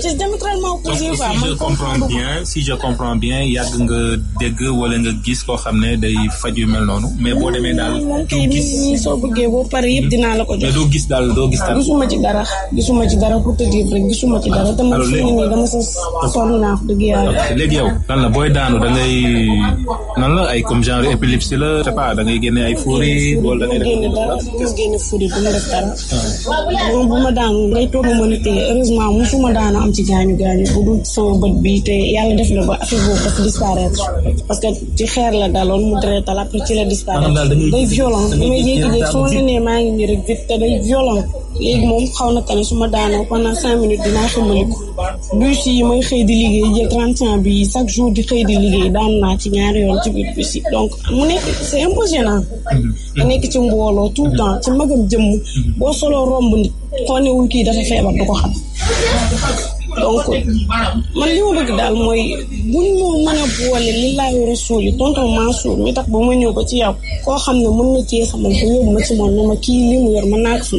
c'est diamétralement opposé quoi man. si je comprends bien si je comprends bien yàgg nga dégg wala nga gis koo xam ne day faj yu mel noonu mais boo demee daal. moom kay mi soo bëggee boo pare yëpp dinaa hmm? la ko jox. mais gis daal doo gis daal. gisuma ci dara gisuma ci dara pour te dire rek gisuma ci dara. te man fi nii dama sa sonn naa dëgg yàlla. léegi yow lan la booy daanu da ngay nan la ay comme genre épilepsie la je sais pas génne ay fuuri. wala da daanu ngay toog ma ni tey heureusement. pourtant musuma daanoo am ci gaañu gaañu bu dul sama bët bi te yàlla def na ba affaire boobu dafa disparaître parce que ci xeer la daloon mu deretal après ci la disparaître day violent maa ngi nii rek vite moom xaw na tane su ma daanoo pendant cinq minutes dinaa xamaliku bus si may xëy di liggéey jël trente ans bi chaque jour di xëy di liggéey daan naa ci ñaari yoon ci biir bus yi donc mu nekk c'est impressionnant da mm-hmm. nekk ci mbooloo tout le temps ci magam jëmm mm-hmm. boo solo romb nit xoonewul kii dafa feebar du ko xam donc man li ma bëgg daal mooy buñ ma mën a boole li laay rasul yi tonton Mansour mi tax ba ma ñëw ba ci yow koo xam ne mën na cee xamal ma ci moom ne ma kii li naa ko fi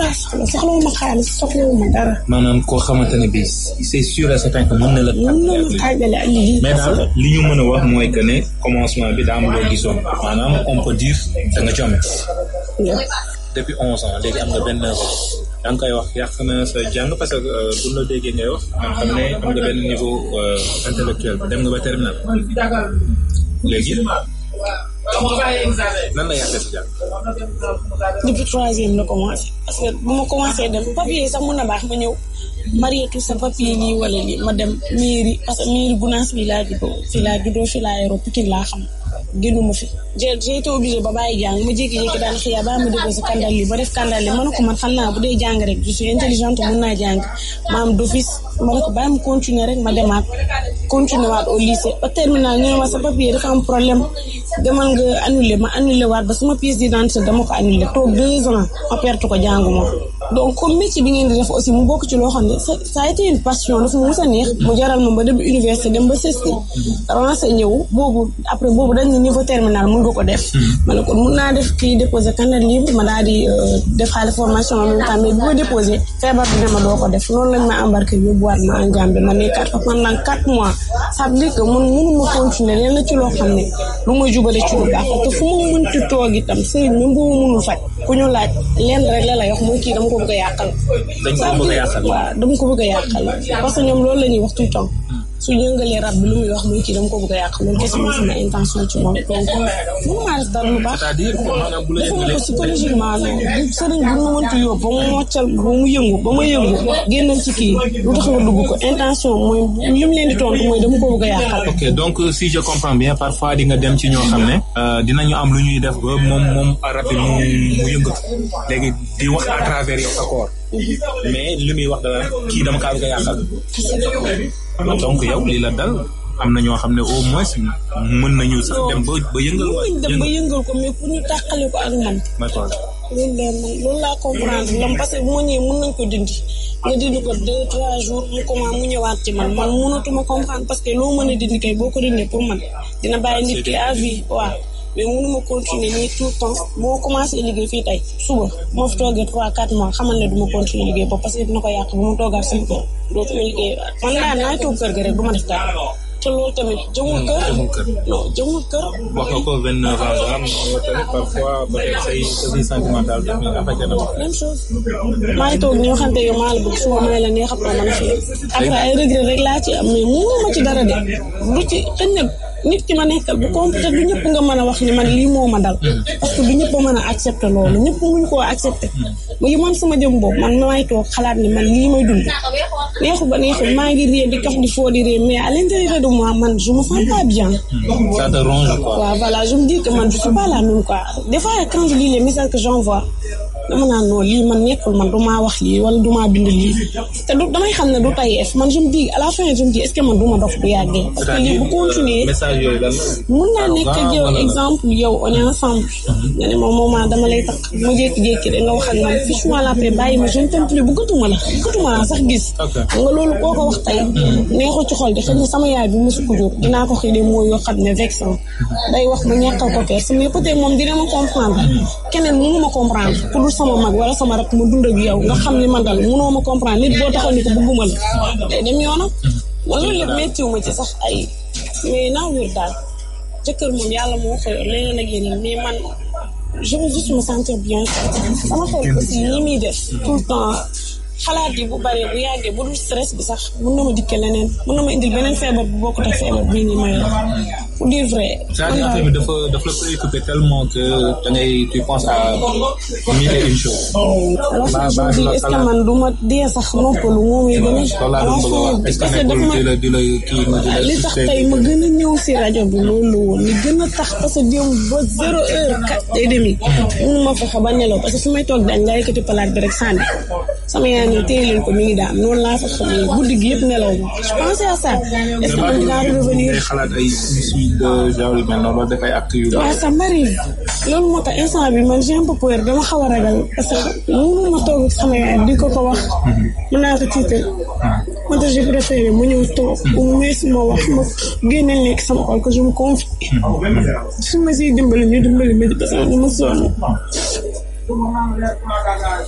laa soxla ma xaalis soxlawu ma dara. maanaam koo xamante ne bii c'est sûr et certain que mën na la. mën na la tàggale ak lii mais daal li ñu mën a wax mooy que ne commencement bi daa ma loo gisoon maanaam on peut dire da nga jome. depuis onze ans léegi am nga benn. yaa ngi koy wax yàq na sa jàng parce que bu la déggee ngay wax man xam ne am nga benn niveau intellectuel dem nga ba terminal léegi nan la yàqee sa jàng. depuis troisième la commencé parce que bu ma commencé dem papier yi sax mun na baax ma ñëw marietu sa papier lii wala lii ma dem mairie parce que mairie gunaas bi laa juddoo fi laa juddoo fi laa yoroo laa xam. génnuma fi j'ai été obligé ba bàyyi jàng ma jékki-jékki daal xiyaa ba ma dugg si kandal li ba def kandal li ma ne man xam naa bu dee jàng rek je intelligente mun naa jàng ma am d'office ma ne ko bàyyi ma continuer rek ma demaat continuer waat au lycée ba terminal ñu ne ma sa am problème demal nga annuler ma annuler waat ba sama di d'identité dama ko annuler toog deux ans ma perte ko jànguma donc comme métier bi ngeen di def aussi mu bokk ci loo xam ne ça a été une passion a neex mu jaral moom ba dem université dem ba CESTI rense ñëw boobu après boobu dañ ne niveau terminal mun nga ko def mm-hmm. ma kon mun naa def kii déposer candidat libre ma daal di euh, def xaale formation en même temps mais bi déposé feebar bi dama doo ko def noonu lañ ma embarqué yóbbuwaat ma en Gambie ma nekkaat mois ça veut dire que mun mënu ma continuer leen na ci loo xam ne lu ma jubale ci lu baax te fu ma mënti toog itam sëriñ même boobu mënul ku ñu laaj leen rek la la yox ko bëgg a yàqal. dañ ko bëgg a waaw dama ko bëgg a parce que ñoom loolu la ñuy wax tout su yëngalee rab bi lu muy wax muy kii dama ko bëgg a yàq loolu kese mooy intention ci moom donc mënu maa def dara ba mu moccal ba mu yëngu ba ma yëngu génnal ci kii lu tax nga dugg ko intention mooy li mu ko bëgg a donc si je comprends bien parfois di nga dem ci ñoo xam ne euh, dinañu am lu ñuy def ba moom moom rab bi mu mu yëngatu léegi di wax à travers yow mais li muy wax dana kii dama kaa bëgg a yàqal donc yow lii la dal am na ñoo xam ne au moins mën nañu sax dem ba ba yëngal. mën nañ dem ba ko mais pour ñu tàqale ko ak man. d'accord loolu leer na loolu laa comprendre ñoom parce que bu ma ñëwee mën nañ ko dindi nga dindi ko deux trois jours mu commencé mu ñëwaat ci man man mënatuma comprendre parce que loo mën a dindi kay boo ko dindee pour man dina bàyyi nit ki à vie mais mënuma continuer nii tout le temps fii tey suba moo fi toogee trois quatre mois xamal ne duma continuer liggéey boobu parce que dina ko ma toogaat sama kër toog kër ga te loolu tamit jëmul kër hmm, nga ko vingt neuf ans am nga tamit ba say sa vie sentimentale tamit toog ñoo xam te yow maa la bëgg suba may la nee xam man fii après ay regret rek laa ci am mais mënuma ci dara de lu ci xëy nit ki ma nekkal bu compétent du ñëpp nga man a wax ni man lii moo ma dal. Mm. parce que du ñëpp a mën a accepter loolu ñëpp muñ koo accepter. Mm. léegi man sama jëm boobu man maay toog xalaat ni man lii may dund neexu ba neexul maa ngi ree di kaf di foo di ree mais à l'intérieur de moi man je me sens pas bien. Mm. ça te ronge quoi. man je suis pas la même quoi des fois quand je lis les dama naan noonu lii man nekkul man dumaa wax lii wala dumaa bind lii te du damay xam ne du tayef man je me dis à la fin je me dis est-ce que man duma dof bu euh, mhm. ne ma moment ah, dama ma jékki wax ak man la paix bàyyi ma je ne t'aime plus bëggatuma la bëggatuma la sax gis xam nga loolu koo ko wax tey neexu ci xol de xëy na sama yaay bi mosu ko jóg dinaa ko xëy de mooy yoo xam ne vexant mhm. day wax ba ñàkkal ko kees mais peut-être moom dina ma comprendre mhm. keneen mënu sama mag wala sama rak mu dund ak yow nga xam ni man dal mënoo ma comprendre nit boo taxaw ni ko bëgguma la day dem yoonam man loolu lépp méttiwu ma ci sax ay mais naa wér daal jëkkër moom yàlla moo ko yor leneen ak yeneen mais man je veux juste me sentir bien sama xol aussi ni muy def temps xalaat yi bu bari bu yàggee bu dul stress bi sax mën na ma dikke leneen mën na indil beneen feebar bu bokkut ak feebar bii nii may pour dire vrai. cest da ngay tu penses à mille et une choses. Oh. alors que est ce que man du ma dee sax noppalu moo may gën a. alors que est ma ah, li tax tey ma gën a ñëw si rajo bi loolu la woon li gën a tax parce que démb ba zéro heure quatre et demi. mënu ma fexe ba nelaw parce que su may toog dañ palaat bi rek sànni. sama yaay ne téye leen ko mi ngi daan noonu laa fa soxla guddi gi yëpp nelaw ma je pensais à ça est ce xalaat ay suicide euh, genre def ay actes ah, moo tax instant bi man j'ai un xaw a ragal parce que sama ko ko wax. mën naa ko tiital. Ah. moo tax j'ai mu ñëw toog. au moins ma wax sama xol que je me mm-hmm. su ma siy dimbali ñu dimbali ma di parce que ma sonn. macha allah.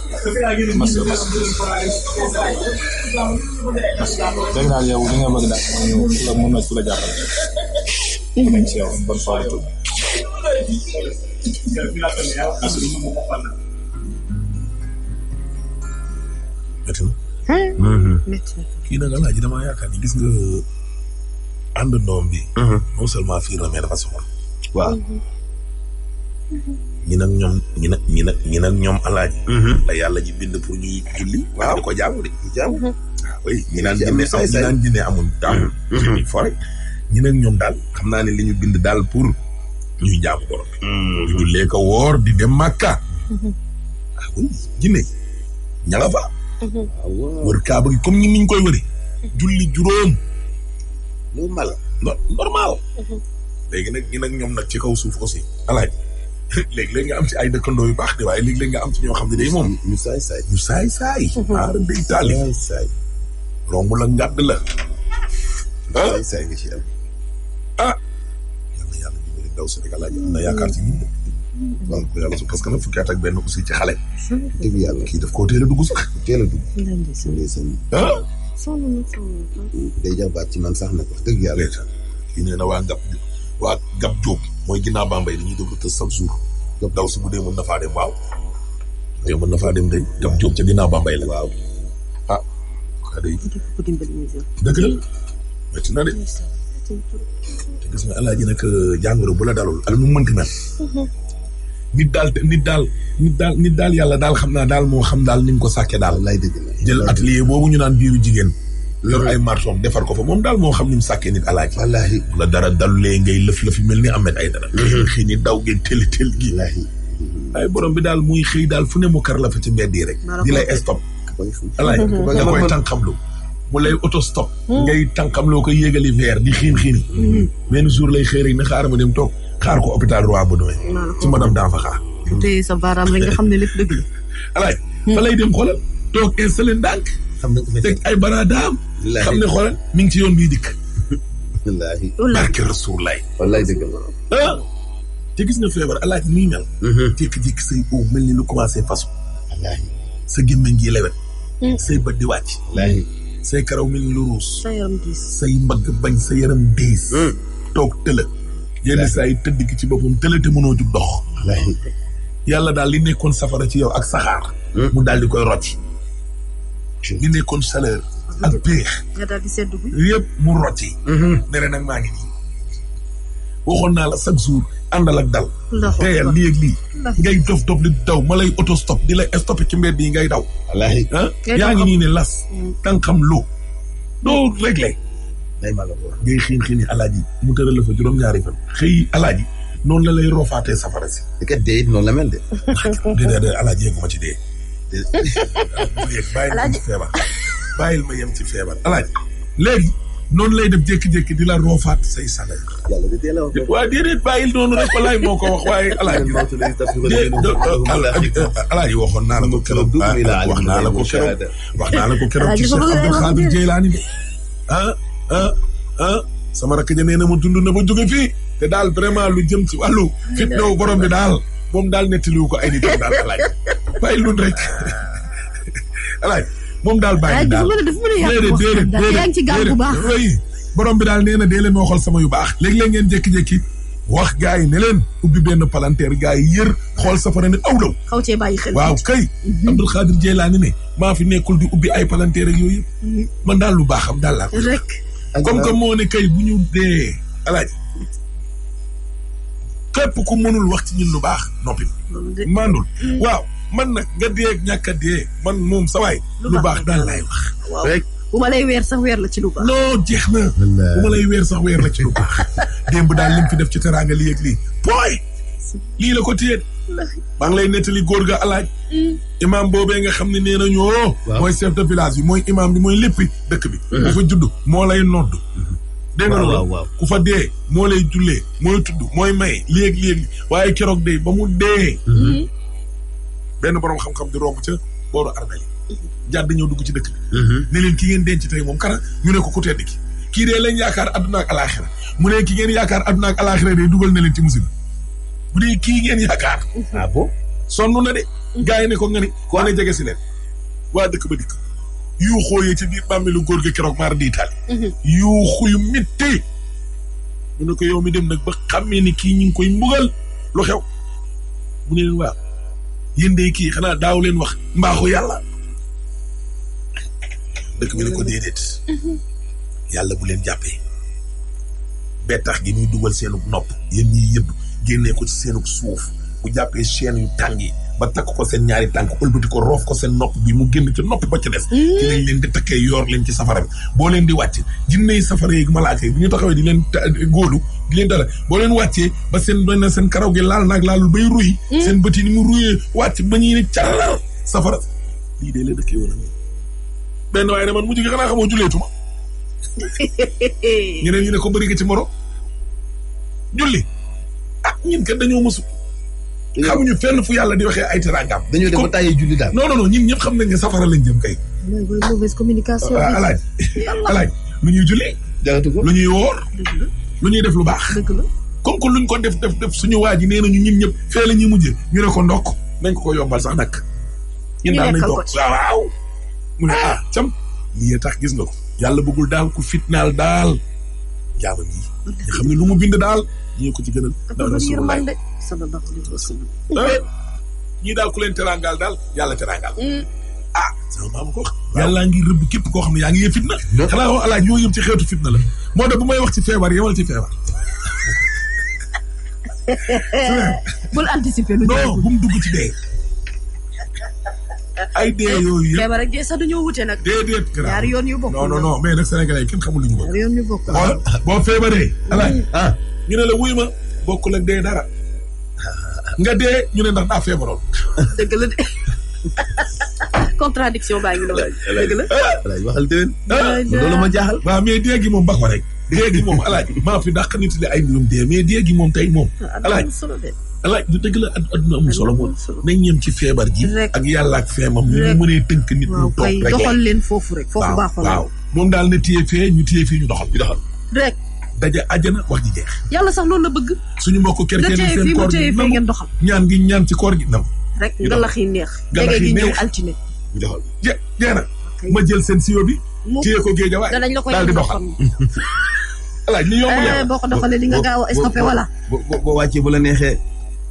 dégg naa yow li nga bëgg daal mooy yow ku la mën na ku la jàppale. dinañ ci yow bonne soirée tout. kii nag alaaji damaa yaakaar ni gis nga ànd ndoom bi. non seulement fii la mais dafa soxla. ñi nag ñoom ñi nag ñi ñoom alaaji mm-hmm. yàlla ji bind pour ñuy julli waaw di ko jaamu de jaamu waaw mm-hmm. ah, oui ñi naan jinne ñi naan amul daal ñi fore ñi ñoom daal xam naa ne li ñu bind daal pour ñuy jaamu borom ñu mm-hmm. jullee ko woor di dem màkka ah oui jinne wër kaaba gi comme ñi niñ koy wëri julli juróom normal normal léegi nag ñi nag ñoom na ci kaw suuf aussi (laughs) léeg-léeg nga am ci ay dëkkandoo yu baax de waaye léeg-léeg nga am ci ñoo xam ne day moom. ñu saay saay ñu saay saay. Mhm. aara day taali. saay saay. romb la ngàdd la. Ah. ah saay saay nga ci am. ah. yal na yàlla dimbali ndaw Sénégal ak am na yaakaar ci ñun. Mm-hmm. parce que nag fukki at ak benn ci xale. Mm-hmm. dëgg yàlla kii daf koo teel a dugg sax. teel a dugg. ndeysaan ah. sonn na sonn. ci man sax nag wax dëgg yàlla. kii nee na waa Ngab waa Ngab mooy ginnaaw Bambey dañuy déglu tës chaque jour. daw si bu dee mën na faa dem waaw. yow mën na faa dem de dem jóg ca ginnaaw Bambey la. waaw ah. dëgg la de. alaaji nag euh, jàngoro bu la dalul al nu mu mënti mel. (laughs) nit daal nit daal nit daal nit daal yàlla daal xam naa daal moo xam daal ni mu ko sàkke daal. lay dëgg la jël boobu ñu naan biiru jigéen. lor ay marsom defar ko fa moom daal moo xam ne mu sàkkee nit alaaji wallaahi la dara dalulee ngay lëf-lëf yi mel ni Ahmed Aïdara mm-hmm. xëy ni daw ngeen tëli tëli gi ay borom bi daal muy xëy daal fu ne mu la fa ci mbedd yi rek di lay stop alaaji nga koy mm-hmm. mm-hmm. tànqamlu mu lay auto stop ngay tànqamloo ko yéegali verre di xiin xiini benn jour lay xëy rek ne xaar ma dem toog xaar ko hôpital Roi Baudouin ci madame daa fa xaar sa baaraam rek nga xam ne lépp dëgg la (laughs) alaaji fa lay dem xoolal toog installé ndànk xam nañ ko fi teg ay banaadaam. xam ne xoolal mi ngi ci yoon bii dikk. wallaahi barke Rasulullaay. wallaay ah! te gis nga feebar alaaj nii mel. Mm-hmm. jékki-jékki say oo mel lu commencé fasu. wallaahi sa gémmiñ ngi lewet. Mm. say bët di wàcc. wallaahi say karaw mel ni lu ruus. sa yaram diis say mbagg bañ sa yaram diis. Mm. toog tëla. yenn saa yi tëdd gi ci boppam tëla te mënoo jug dox. yàlla daal li nekkoon safara ci yow ak saxaar. Mm. mu daal di koy rocc. li nekkoon chaleur ak béex yëpp mu roti mhm. ne nag maa ngi nii waxoon naa la chaque jour àndal ak dal teeyal lii ak lii ngay dof dof di daw ma lay autostop di lay stoppé ci mbedd yi ngay daw wallaahi ah? yaa ngi nii ne las tànkam mm. loo doo mm. réglé day ma la ko wax ngay xiin xiin alaaji mu tëral la juróom-ñaari fan xëy la lay roofaatee safara si kat dee it noonu la mel de (laughs) déedéet alaaji yeeguma ci dee alaaji bàyyil ma yem ci feebar alaaji léegi noonu lay def jékki-jékki di la roofaat say salaire. yàlla de teel a wax. waaw déedéet bàyyil noonu rek walaay moo ko wax waaye. alaaji alaaji waxoon naa la ko keroog. wax naa la ko keroog wax naa la ko keroog ci Cheikh Abdou Khadir Jeylaani bi ah ah ah sama rakk ja nee na ma dund na ba jóge fii te daal vraiment lu jëm ci wàllu fitnaw borom bi daal moom daal nettaliwu ko ay nitam daal alaaji bàyyi lun rek alaay moom daal bàyyi daal déedéet borom bi daal nee na dee leen waxal sama yu baax léeg-léeg ngeen jékki-jékki wax gaa yi ne leen ubbi benn palanteer gaa yi yër xool safara ne aw waaw kay mhm. Abdul Xaadir Jeylaani ne maa fi nekkul di ubbi ay palanteer ak yooyu mhm. man daal lu baax am daal laa rek comme que moo kay bu ñu dee alaaji képp ku mënul wax ci ñun lu baax noppi mandul mhm. waaw man nag nga dee ak ñàkk dee man moom sa waay. lu baax daal laay wax. bu ma lay weer sax weer la ci lu baax. non jeex na. bu ma lay weer sax weer la ci lu baax. (laughs) démb daal lim fi def ci teraanga li ak lii. pooy lii la ko téye. maa ngi lay nettali góor ga alaaj mm. imaam boobee nga xam ne nee na ñoo. Oh, mooy chef de village bi mooy imaam bi mooy léppi dëkk bi. Mm. ku fa judd moo lay nodd. Mm-hmm. dégg nga ku fa dee moo lay jullee mooy tudd mooy may léeg-léeg waaye keroog dee ba mu mm-hmm. mm. benn borom xam-xam di romb ca booru armel yi jàdd ñëw dugg ci dëkk bi mhm. ne leen ngeen denc tey moom kana ñu ne ko ku tedd ki kii dee lañ yaakaar adduna ak alaxira mu ne ki ngeen yaakaar adduna ak alaxira de dugal na leen ci musiba bu dee kii ngeen yaakaar ah bon sonn na yi ne ko nga ni ko ne jege si leen waa dëkk ba dikk yu ci biir bàmmeelu góor gi keroog maar di taal mhm. yu xuyu mitti ñu ne ko yow mi dem nag ba xammee ni kii ñu ngi koy mbugal lu xew mu ne leen waaw yéen kii xanaa daaw leen wax mbaaxu yàlla dëkk bi ne ko déedéet yàlla bu leen jàppee bettax gi muy dugal seenu nopp yéen ñiy génnee ko ci seenu suuf bu jàppee chaîne yu tàng yi ba takk ko seen ñaari tànk ëlbati ko roof ko seen nopp bi mu génn ci noppi ba ci des ci lañ leen di takkee yoor leen ci safara bi boo leen di wàcc jinne yi safara yi malaaka yi bu ñu taxawee di leen góolu di leen dala boo leen wàccee ba seen doy na seen karaw gi laal naag laalul bay ruy seen bët yi ni mu ruyee wàcc ba ñuy ne calal safara lii dee la dëkkee woon a benn waaye ne man mujj gi xanaa xamoo julleetuma (laughs) ñeneen ñu ne ko bëri gi ci moro julli ah ñun kat dañoo mësu ñu fenn fu yàlla di waxee ay teraangam. dañoo dem ba tàyyee julli daal. non non non ñun ñëpp xam nañ ne safara lañ jëm kay. mooy mauvaise communication. Ah, ah, alaaj lu ñuy julli. jaratu ko lu ñuy woor. lu ñuy def lu baax. dëgg la comme luñ ko def def def suñu waa ji nee nañu ñun ñëpp fee la ñuy mujjee ñu ne ko ndokk nañ ko ko yombal sax nag. ñu nekkal ko ci ñun daal nañ waaw mu ne ah cam lii tax gis nga ko. yàlla bëggul daal ku fitnaal daal. jaamam yi. xam ne lu mu bind daal ñu ko ci gënal. daal rasulullah sallallahu alayhi wa sallam. ñii daal ku leen teraangaal daal yàlla teraangaal. Hmm. ah sama maam ko wax. yàllaa ngi rëbb képp koo xam ne yaa ngi yee fitna. xanaa wax alaaj ci xeetu fitna la. moo tax bu may wax ci feebar yemal ci feebar. (laughs) bul anticiper bu mu dugg ci dee. ay dee yooyu yëpp feebar ak dee sax dañoo wute nag. déedéet yoon yu bokk. non non non mais nag sénégalais yi kenn xamul lu boo feebaree. alaay mm. ah ñu ne la wuy ma bokkul ak dee dara. nga dee ñu ne ndax daa feebaroon. dëgg la de (laughs) contradiction baa ngi noonu. dëgg la alaay waxal déwén. Ah. ma jaaxal. waaw mais moom ba rek. dee gi moom alaaj maa fi dàq nit li ay mbirum dee mais dee gi moom tey moom. Ah, alaaj alaaj du dëgg la adduna amul solo moom nañ ñem ci feebar ji ak yàlla ak feemam ñu mënee tënk nit ñu toog rek doxal leen foofu rek foofu baaxul waaw moom daal na téye fee ñu téye fii ñu doxal ñu doxal rek daja àjjana wax ji jeex yàlla sax loolu la bëgg suñu mbokk kerkeen seen koor gi ngeen doxal ñaan gi ñaan ci koor gi nam rek ngalax yi neex dégg gi ñëw altine ñu doxal je jeex na ma jël seen siwo bi téye ko géejawaay daal di doxal (laughs) alaaj li yomb la eh, boo ko doxalee li nga gaaw a escapé voilà boo wàccee bu la neexee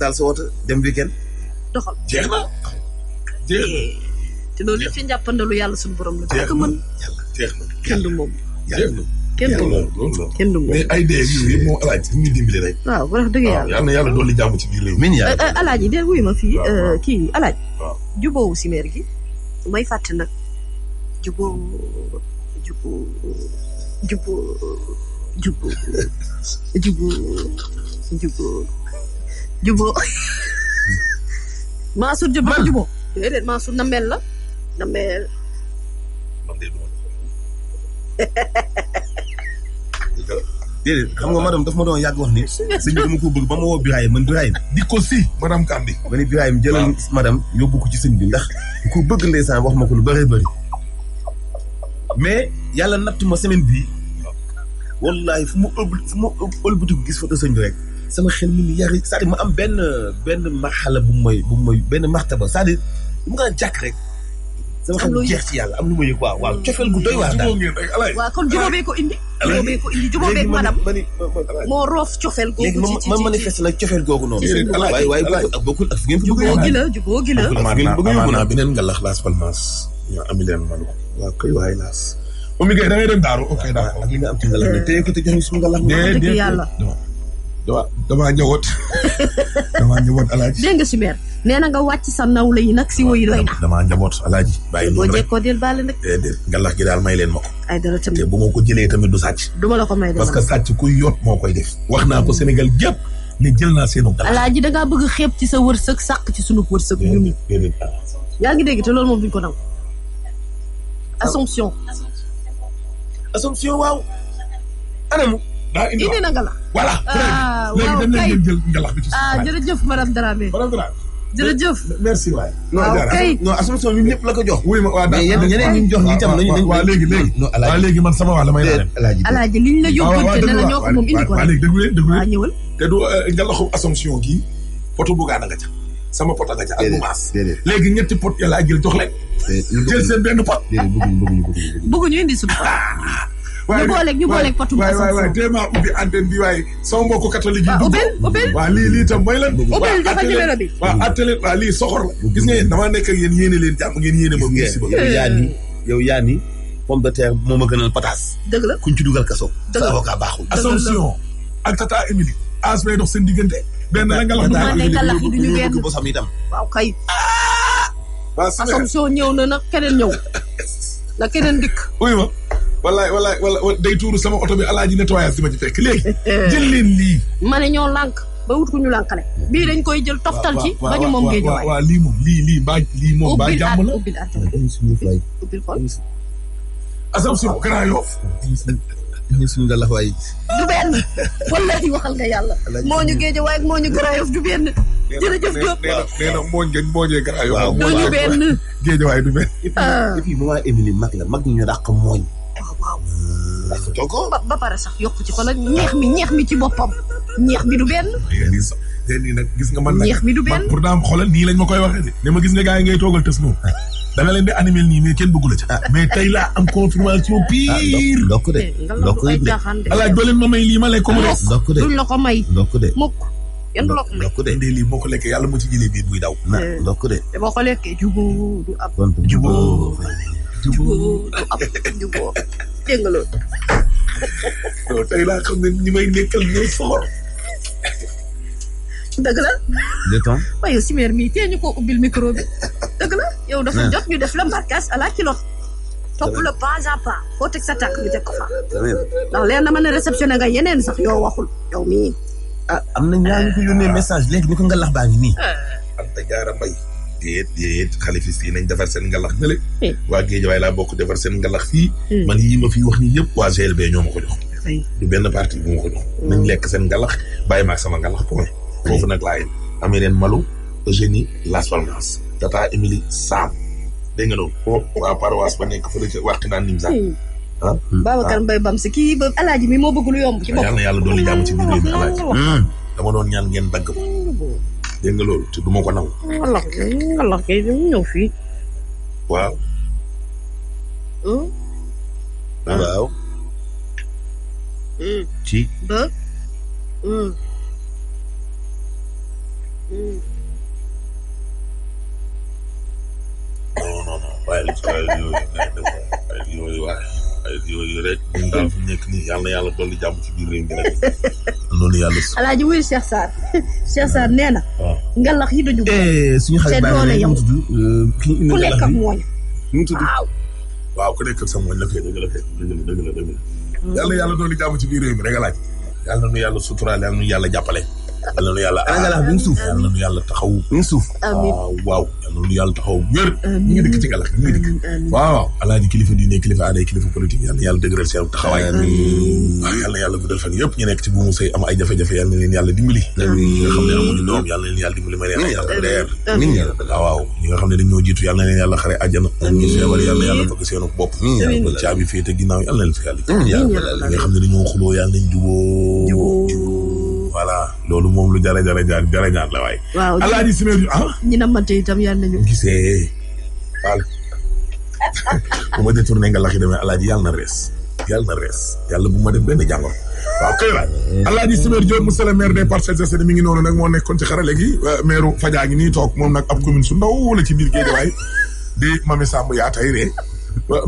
taal sa woto dem weekend na jeex eh, yàlla suñu borom la. jeex kenn du moom. jeex na yàlla yal na yàlla ci biir réew mi. Eh, eh, alaaji de wuy ma fii kii alaaji. waaw jubóowu si meer gi. may fàtte nag jubóo jubóo jubóo jubóo jubóo (laughs) Mansour Diop dafa jubóo déedéet Mansour namel la namel déedéet xam nga madame daf ma doon yàgg wax ni (laughs) sëñ bi dama ba ma woo man Birahim di si madame Kambi ma ni Birahim jëlal madame yóbbu ci sëñ bi ndax ku bëgg ndeysaan wax ma ko lu bëree bëri yàlla nattu ma semaine bi wallahi fu mu ëbb fu mu ëlbatiku gis photo sëñ bi rek sama xel mi ngi yar cest à ma am benn benn marxala bu may bu may benn martaba c'est-à-dire bu ma daan jàkk sama xel jeex ci yàlla am lu ma yëg waaw waaw cofeel gu doy waar daal waaw kon ko indi. jubóobee ko indi jubóobeeg madame roof cofeel googu ci ma manifeste nag cofeel googu noonu. waaye waaye bokkul ak fu ngeen bëgg a. gi la jubóo gi la. amaana beneen nga lax Las Palmas. ñoo am leen malu waaw koy waay laas. moom mi ngi da ngay dem daaru ok daaru ak li nga am ci ngalax dama damaa ñëwoot (laughs) damaa ñëwoot alaaji. dégg nga si meer nee na nga wàcc sa nawle yi nag si woyu doy na. damaa njaboot alaaji. bàyyi noonu rek boo jekkoo del baale nag. déedéet ngalax gi daal may leen ma ko. ay dara tamit te bu ma ko jëlee parce que sàcc kuy yoot moo koy def. wax naa ko mm. Sénégal gépp ne jël naa seenu ngalax. alaaji da bëgg xeeb ci sa wërsëg sàq ci sunu wërsëg. déedéet déedéet yaa ngi dégg te loolu moom duñ ko nangu. Ah. assomption. assomption waaw. daa indi indi na ngalax. voilà ah, léegi dañ leen jël ngalax bi ci suuf. Ah, jërëjëf madame Dramé. madame Dramé. jërëjëf merci waay. Ah, waaw kay non assomption ñun ñëpp la ko jox. wuy ma waaw mais yéen ñeneen ñu jox ñi tam nañu dañu. waaw léegi léegi waaw léegi man sama wax la may la alaaji alaaji liñ la yóbbante ne la ko moom indi ko waaw léegi te du euh, ngalaxu assomption gi potu bugaana nga ca sama pot a nga ca ak léegi ñetti pot ya laa jël jox leen jël seen benn pot bëgguñu bëgguñu bëgguñu indi suñu waaye ñu booleeg ñu booleeg potu waaye bi waaye sama mbokku catholique yi ubbil ubbil waaw lii lii tam mooy lan gis nga yéen damaa nekk ak yéene leen jàmm ngeen yéene ma yaa ni yow yaa a gënal pataas dëgg la kuñ ci dugal kaso sa avocat baaxul Assomption ak Tata Émilie as bay dox seen diggante benn la nga lax duñu bosam itam waaw kay ah! ñëw na nag keneen ñëw (laughs) na keneen dikk wallaay wallaay wala day tuuru sama oto bi alaaji nettoyage si ma ci fekk léegi. (laughs) jël leen lii. ma ñoo lànk ba wut ku ñu lànkale. bii dañ koy jël toftal ci. ba ñu moom géej waay waaw lii moom lii lii mbaa lii moom mbaa jàmm la ubbil at ubbil xol. asam suñu grand yoof. ñu suñu la waay. du benn wallahi waxal nga yàlla. moo ñu géej waay ak moo ñu du benn. jërëjëf Diop du benn géej waay du benn. et puis maman Émilie mag la mag ñu dàq mooñ waaw. ba ba sax yokk ci xoolal ñeex mi ñeex ci boppam ñeex mi du benn. yéen nii nag gis nga man. ñeex mi du benn pour daam xoolal nii ma koy waxee de. ne ma gis nga gars yi ngay toogal tës da nga leen di animé nii mais kenn bëggu ah. mais tey am confirmation ah, pire. ndokk de eh, ndokk may lii ko mu des. ndokk de duñ la ko may. ndokk de mukk kenn du la ko may. ndokk de ndee lii boo ko lekkee yàlla mu ci jëlee biir buy daw. Eh. ndokk de. te boo ko lekkee jubóo du ab. te nga loolu. non tey laa xam ne ñi may nekkal ñooy soxor. dëgg la. déeton. waaye yow simeer mii tee ñu ko ubbil micro bi. dëgg la yow dafa jot ñu def la mbarkaas à la kilo. topp la pas à pas foo teg sa bi teg ko fa. ndax leer na ma ne réceptionné nga yeneen sax yow waxul yow mi a ah, am na ñaa ko yónnee message léegi ñu ko nga lax baa ngi nii. Euh. am déet déet xalifis yi nañ defar seen ngalax nale waa Géejawaay laa bokk defar seen ngalax fii hmm. man yi ma fi wax nii yëpp waa GLB ñoo ma ko jox du benn parti bu ma ko jox hmm. nañ lekk seen ngalax bàyyi maag sama ngalax point foofu nag laa yem amee leen malu Eugénie Las Palmas Tata Émilie Sam dégg nga noonu waa paroisse ba nekk fële ca waxtu nim sax ah hmm. Babacar Mbaye Bam si kii ba mi moo bëgg lu yomb bopp na ñaan ngeen dagg ma dégg nga loolu te du ma ko nangu. ngalax ngalax kay bi mu ñëw fii. waaw. Hmm? Ah. waaw. Hmm. ci. ba. Hmm. non non non. ay yooyu rek. daal fi nekk nii yàlla yàlla dolli jàmm ci biir réew mi rek. loolu yàlla si. alaaji wuyu Cheikh Sarr. (laughs) Cheikh Sarr nee na. waaw ngalax yi dañu. Eh, suñu xale baa ngi lay tudd eh, ku nekk ak mooñ. mu tudd waaw. waaw ku nekk ak sa mooñ la kay dëgg la kay mm. dolli jàmm ci biir réew rek alaaji. yàlla nu yàlla suturaal yàlla nu yàlla jàppale. yàlla na yàlla aar yàlla na suuf yàlla na yàlla taxaw. ñu suuf waaw waaw yàlla na yàlla taxaw wér. ñu ngi dëkk ci galax ñu ngi dëkk. waaw alaaji kilifa diine kilifa aaday kilifa politique yàlla na yàlla dëgëral seen taxawaay. waaw yàlla na yàlla guddal fan yëpp ñu nekk ci buumu sëy am ay jafe-jafe yàlla na leen yàlla dimbali. ñi nga xam ne amuñu doom yàlla na leen yàlla dimbali may leen ay yàlla leer. waaw ñi nga xam ne dañoo jiitu yàlla na leen yàlla xare àjjana. ñu feebar yàlla na yàlla fëgg seenu bopp. caabi féete ginnaaw yàlla na leen fi yàlla. ñi nga xam ne dañoo xuloo yàlla nañ juboo loolu moom lu jara jara jaar jara ñaan la waaye. waaw alaaji simeer ah. ñu namante itam yal nañu. gisee waaw. (laughs) bu ma détourné nga laxi demee alaaji yàlla na rees yàlla na rees yàlla bu ma def benn jàngoro. waaw kay la alaaji simeer Diop monsieur le maire des Parcelles Assainies mi ngi noonu nag moo nekkoon ci xarale gi maire Fadja ngi nii toog moom nag ab commune su ndaw wala ci biir Guédiawaye di Mamy Samb yaa tay ree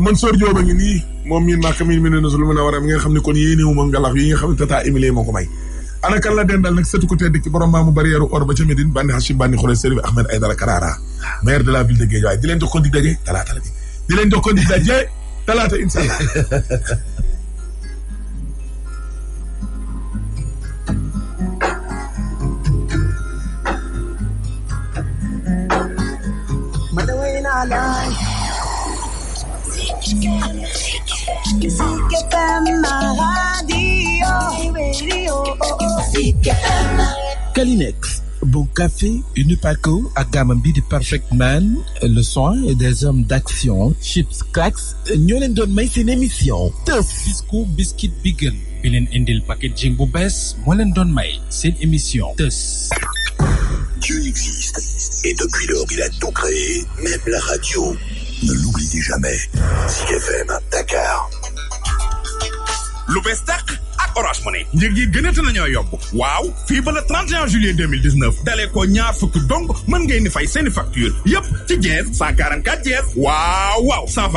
Mansour Diop a ngi nii moom miin maaka miin mi ne na su lu mën a war mi nga may ana kan la dendal nag sëtu ko tedd ki borom maamu barrière or ba ca Médine bandi Hachim bandi xule Serigne Ahmed Aïdara Karara maire la ville di leen jox ko dig daje talaata la Kalinex Bon Café Unipaco ak gaamam bi di Perfect Man le soin des hommes d'action Chips Cracks ñoo leen may seen émission tëf Bisco Biscuit bi gën bi packaging bu bees moo leen doon may seen émission tës Dieu existe et depuis lors il a tout créé même la radio ne l'oubliez jamais Zik FM Dakar ak Orange Money njëg yi gënati nañoo waaw fii ba le 31 juillet 2019 dalee ko ñaar fukki dong mën ngeen di fay seeni facture yépp ci jees 144 jees waaw waaw